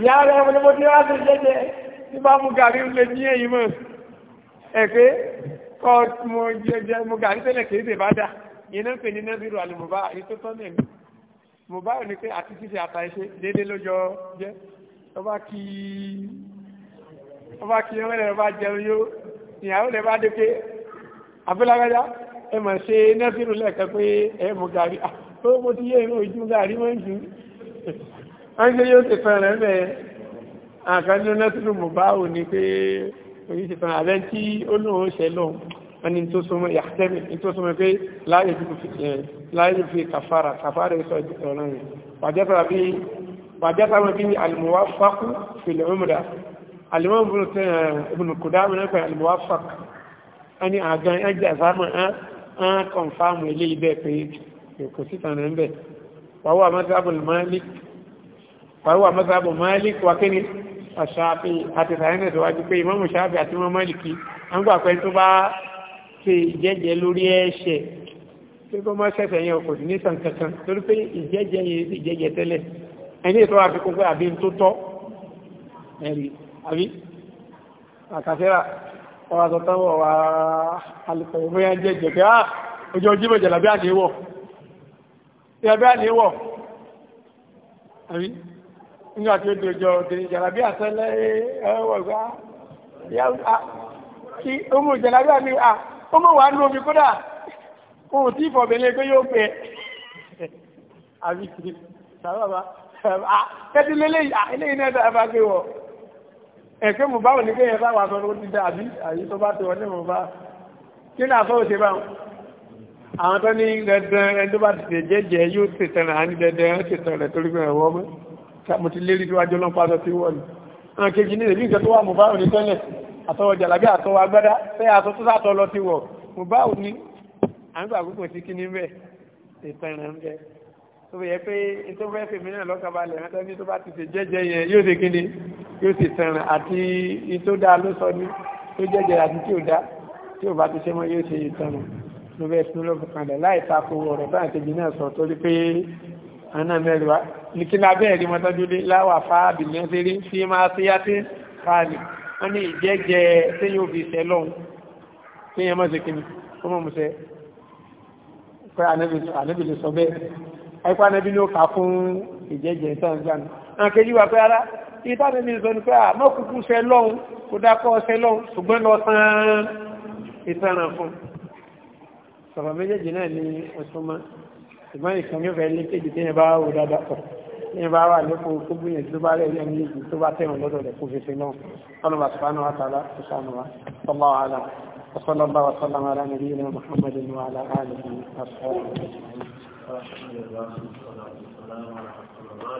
ìyá rẹ̀ ọmọ ní mo ti wá sí jẹ́jẹ́ tí bá mú gàrí lè ní èyí mọ̀ ẹ̀pẹ́ kọ́ mo jẹ́jẹ́ mo gàrí tẹ́lẹ̀ kìí ṣe bá dà ìyẹn náà ń pè ní nẹ́bírù àlùmọ̀bá èyí tó tọ́ nẹ̀mí mọ̀bá ò ní pé àti títí àtà iṣẹ́ déédéé lójọ jẹ́ ọba kí ọba kí ọmọ rẹ̀ bá jẹun yó ìyàwó rẹ̀ bá dé pé àbúlágbájá ẹ mọ̀ ṣe nẹ́bírù lẹ́ẹ̀kan pé ẹ tó mo ti yé inú ojú gàrí mọ́ jù wọ́n ṣe yóò ti fẹ́ rẹ̀ mẹ́ àkàndínú nẹ́tùrù mọ̀ báwò ni pé òyìn ti fẹ́ abẹ́ tí ó lóun ṣẹ lọ́wọ́ wọ́n ni tó súnmọ́ yàtẹ́mì tó súnmọ́ pé láyé fi kàfàrà kàfàrà ìsọ ọ̀nà yìí wàjẹ́ta wọn bí alìmọ̀wá fákú fìlẹ̀ òmìnira alìmọ̀ ìbùnú kùdámù náà pẹ̀lú alìmọ̀wá fákú ẹni àgbọn ẹjẹ́ àzámọ̀ ẹ́ kọ̀nfàmù ilé ibẹ̀ pé kò sí tàn ń bẹ̀ wàhùwà mọ́sáàbù Malik wàhùwà mọ́sáàbù Malik wà kí ni àṣàfi àti sàyẹ́nẹ̀ tó wájú pé ìmáàmù Ṣáfi àti mọ́ Málìkì a ń gbà pé tó bá ṣe ìjẹ́jẹ́ lórí ẹ̀ṣẹ̀ tí kó má ṣẹ̀ṣẹ̀ yẹn kò sí nísàn kankan torí pé ìjẹ́jẹ́ yẹn sì jẹ́jẹ́ tẹ́lẹ̀ ẹ̀bẹ́ àléwọ̀ àbí nígbà tí ó di ọjọ́ òdìrí jàlábí àtẹ́lẹ́ ẹ̀wọ̀ gbá kí ọmọ jàlábí àmì à ọmọ wà nù omi kódà ohun tí ìfọ̀bẹ̀lẹ̀ pé yóò pẹ́ àbí sàbàbà kẹ́tí lélẹ́yìn náà dábàá gbé wọ̀ ẹ̀kẹ́ mú báwọn ní kéèyàn bá wà sọ́dún ó ti dá àbí àyíkọ́ bá tẹ̀wọ́ ní mú bá kí náà fọ́ òṣèbáwọn àwọn tó ní dandan ẹni tó bá ti tẹ̀ jẹ́jẹ́ yóò tẹ̀ tẹ̀rẹ̀ àní dandan ó tẹ̀ tẹ̀rẹ̀ torí pé ẹ̀wọ́ mọ́ mo ti lérí tí wájú ọlọ́pàá sọ sí wọ́n ni àwọn kejì ní ìrìn ìjọba wà mọ̀báwò ní tẹ́lẹ̀ àtọwọ̀ jàlábí àtọwọ̀ agbádá fẹ́ àtọ tó sàtọ lọ ti wọ̀ mọ̀báwò ní àgbà àkókò sí kí ní bẹ̀ ìtẹ̀rẹ̀ tí ò bá ti ṣe mọ́ yóò ṣe ìtẹ̀rẹ̀ ló bẹ́ẹ̀ sínú lọ́gbọ̀n kalẹ̀ láì tako ọ̀rọ̀ bá àtẹ́jì náà sọ torí pé aná mẹ́rin wá ní kí náà bẹ́ẹ̀ rí wọn tọ́jú lé láwà fáàbì ní ẹsẹ̀ rí sí máa sí yáté fáàlì wọ́n ní ìjẹ́jẹ́ téyàn òbí ìṣẹ́ lọ́hùn téyàn mọ́ sí kíni ó mọ̀ mọ̀ sẹ́ pé ànábì lè sọ bẹ́ẹ̀ ẹ̀pọ̀ fún sọ̀rọ̀ méjèèjì náà ni ọ̀túnmọ́ ṣùgbọ́n ìkan ní ọ̀fẹ́ ilé kejì tí yẹn bá wò dáadáa pọ̀ tí yẹn bá wà lẹ́kọ̀ọ́ tó gbìyànjú tó bá lẹ́yìn ẹni yìí tó bá tẹ̀wọ̀n lọ́dọ̀ rẹ̀ kó fèsì náà wọn bá sọ̀rọ̀ náà tààlà tó sànù wa ọmọ àlà وصلى الله وسلم على نبينا محمد وعلى اله وصحبه اجمعين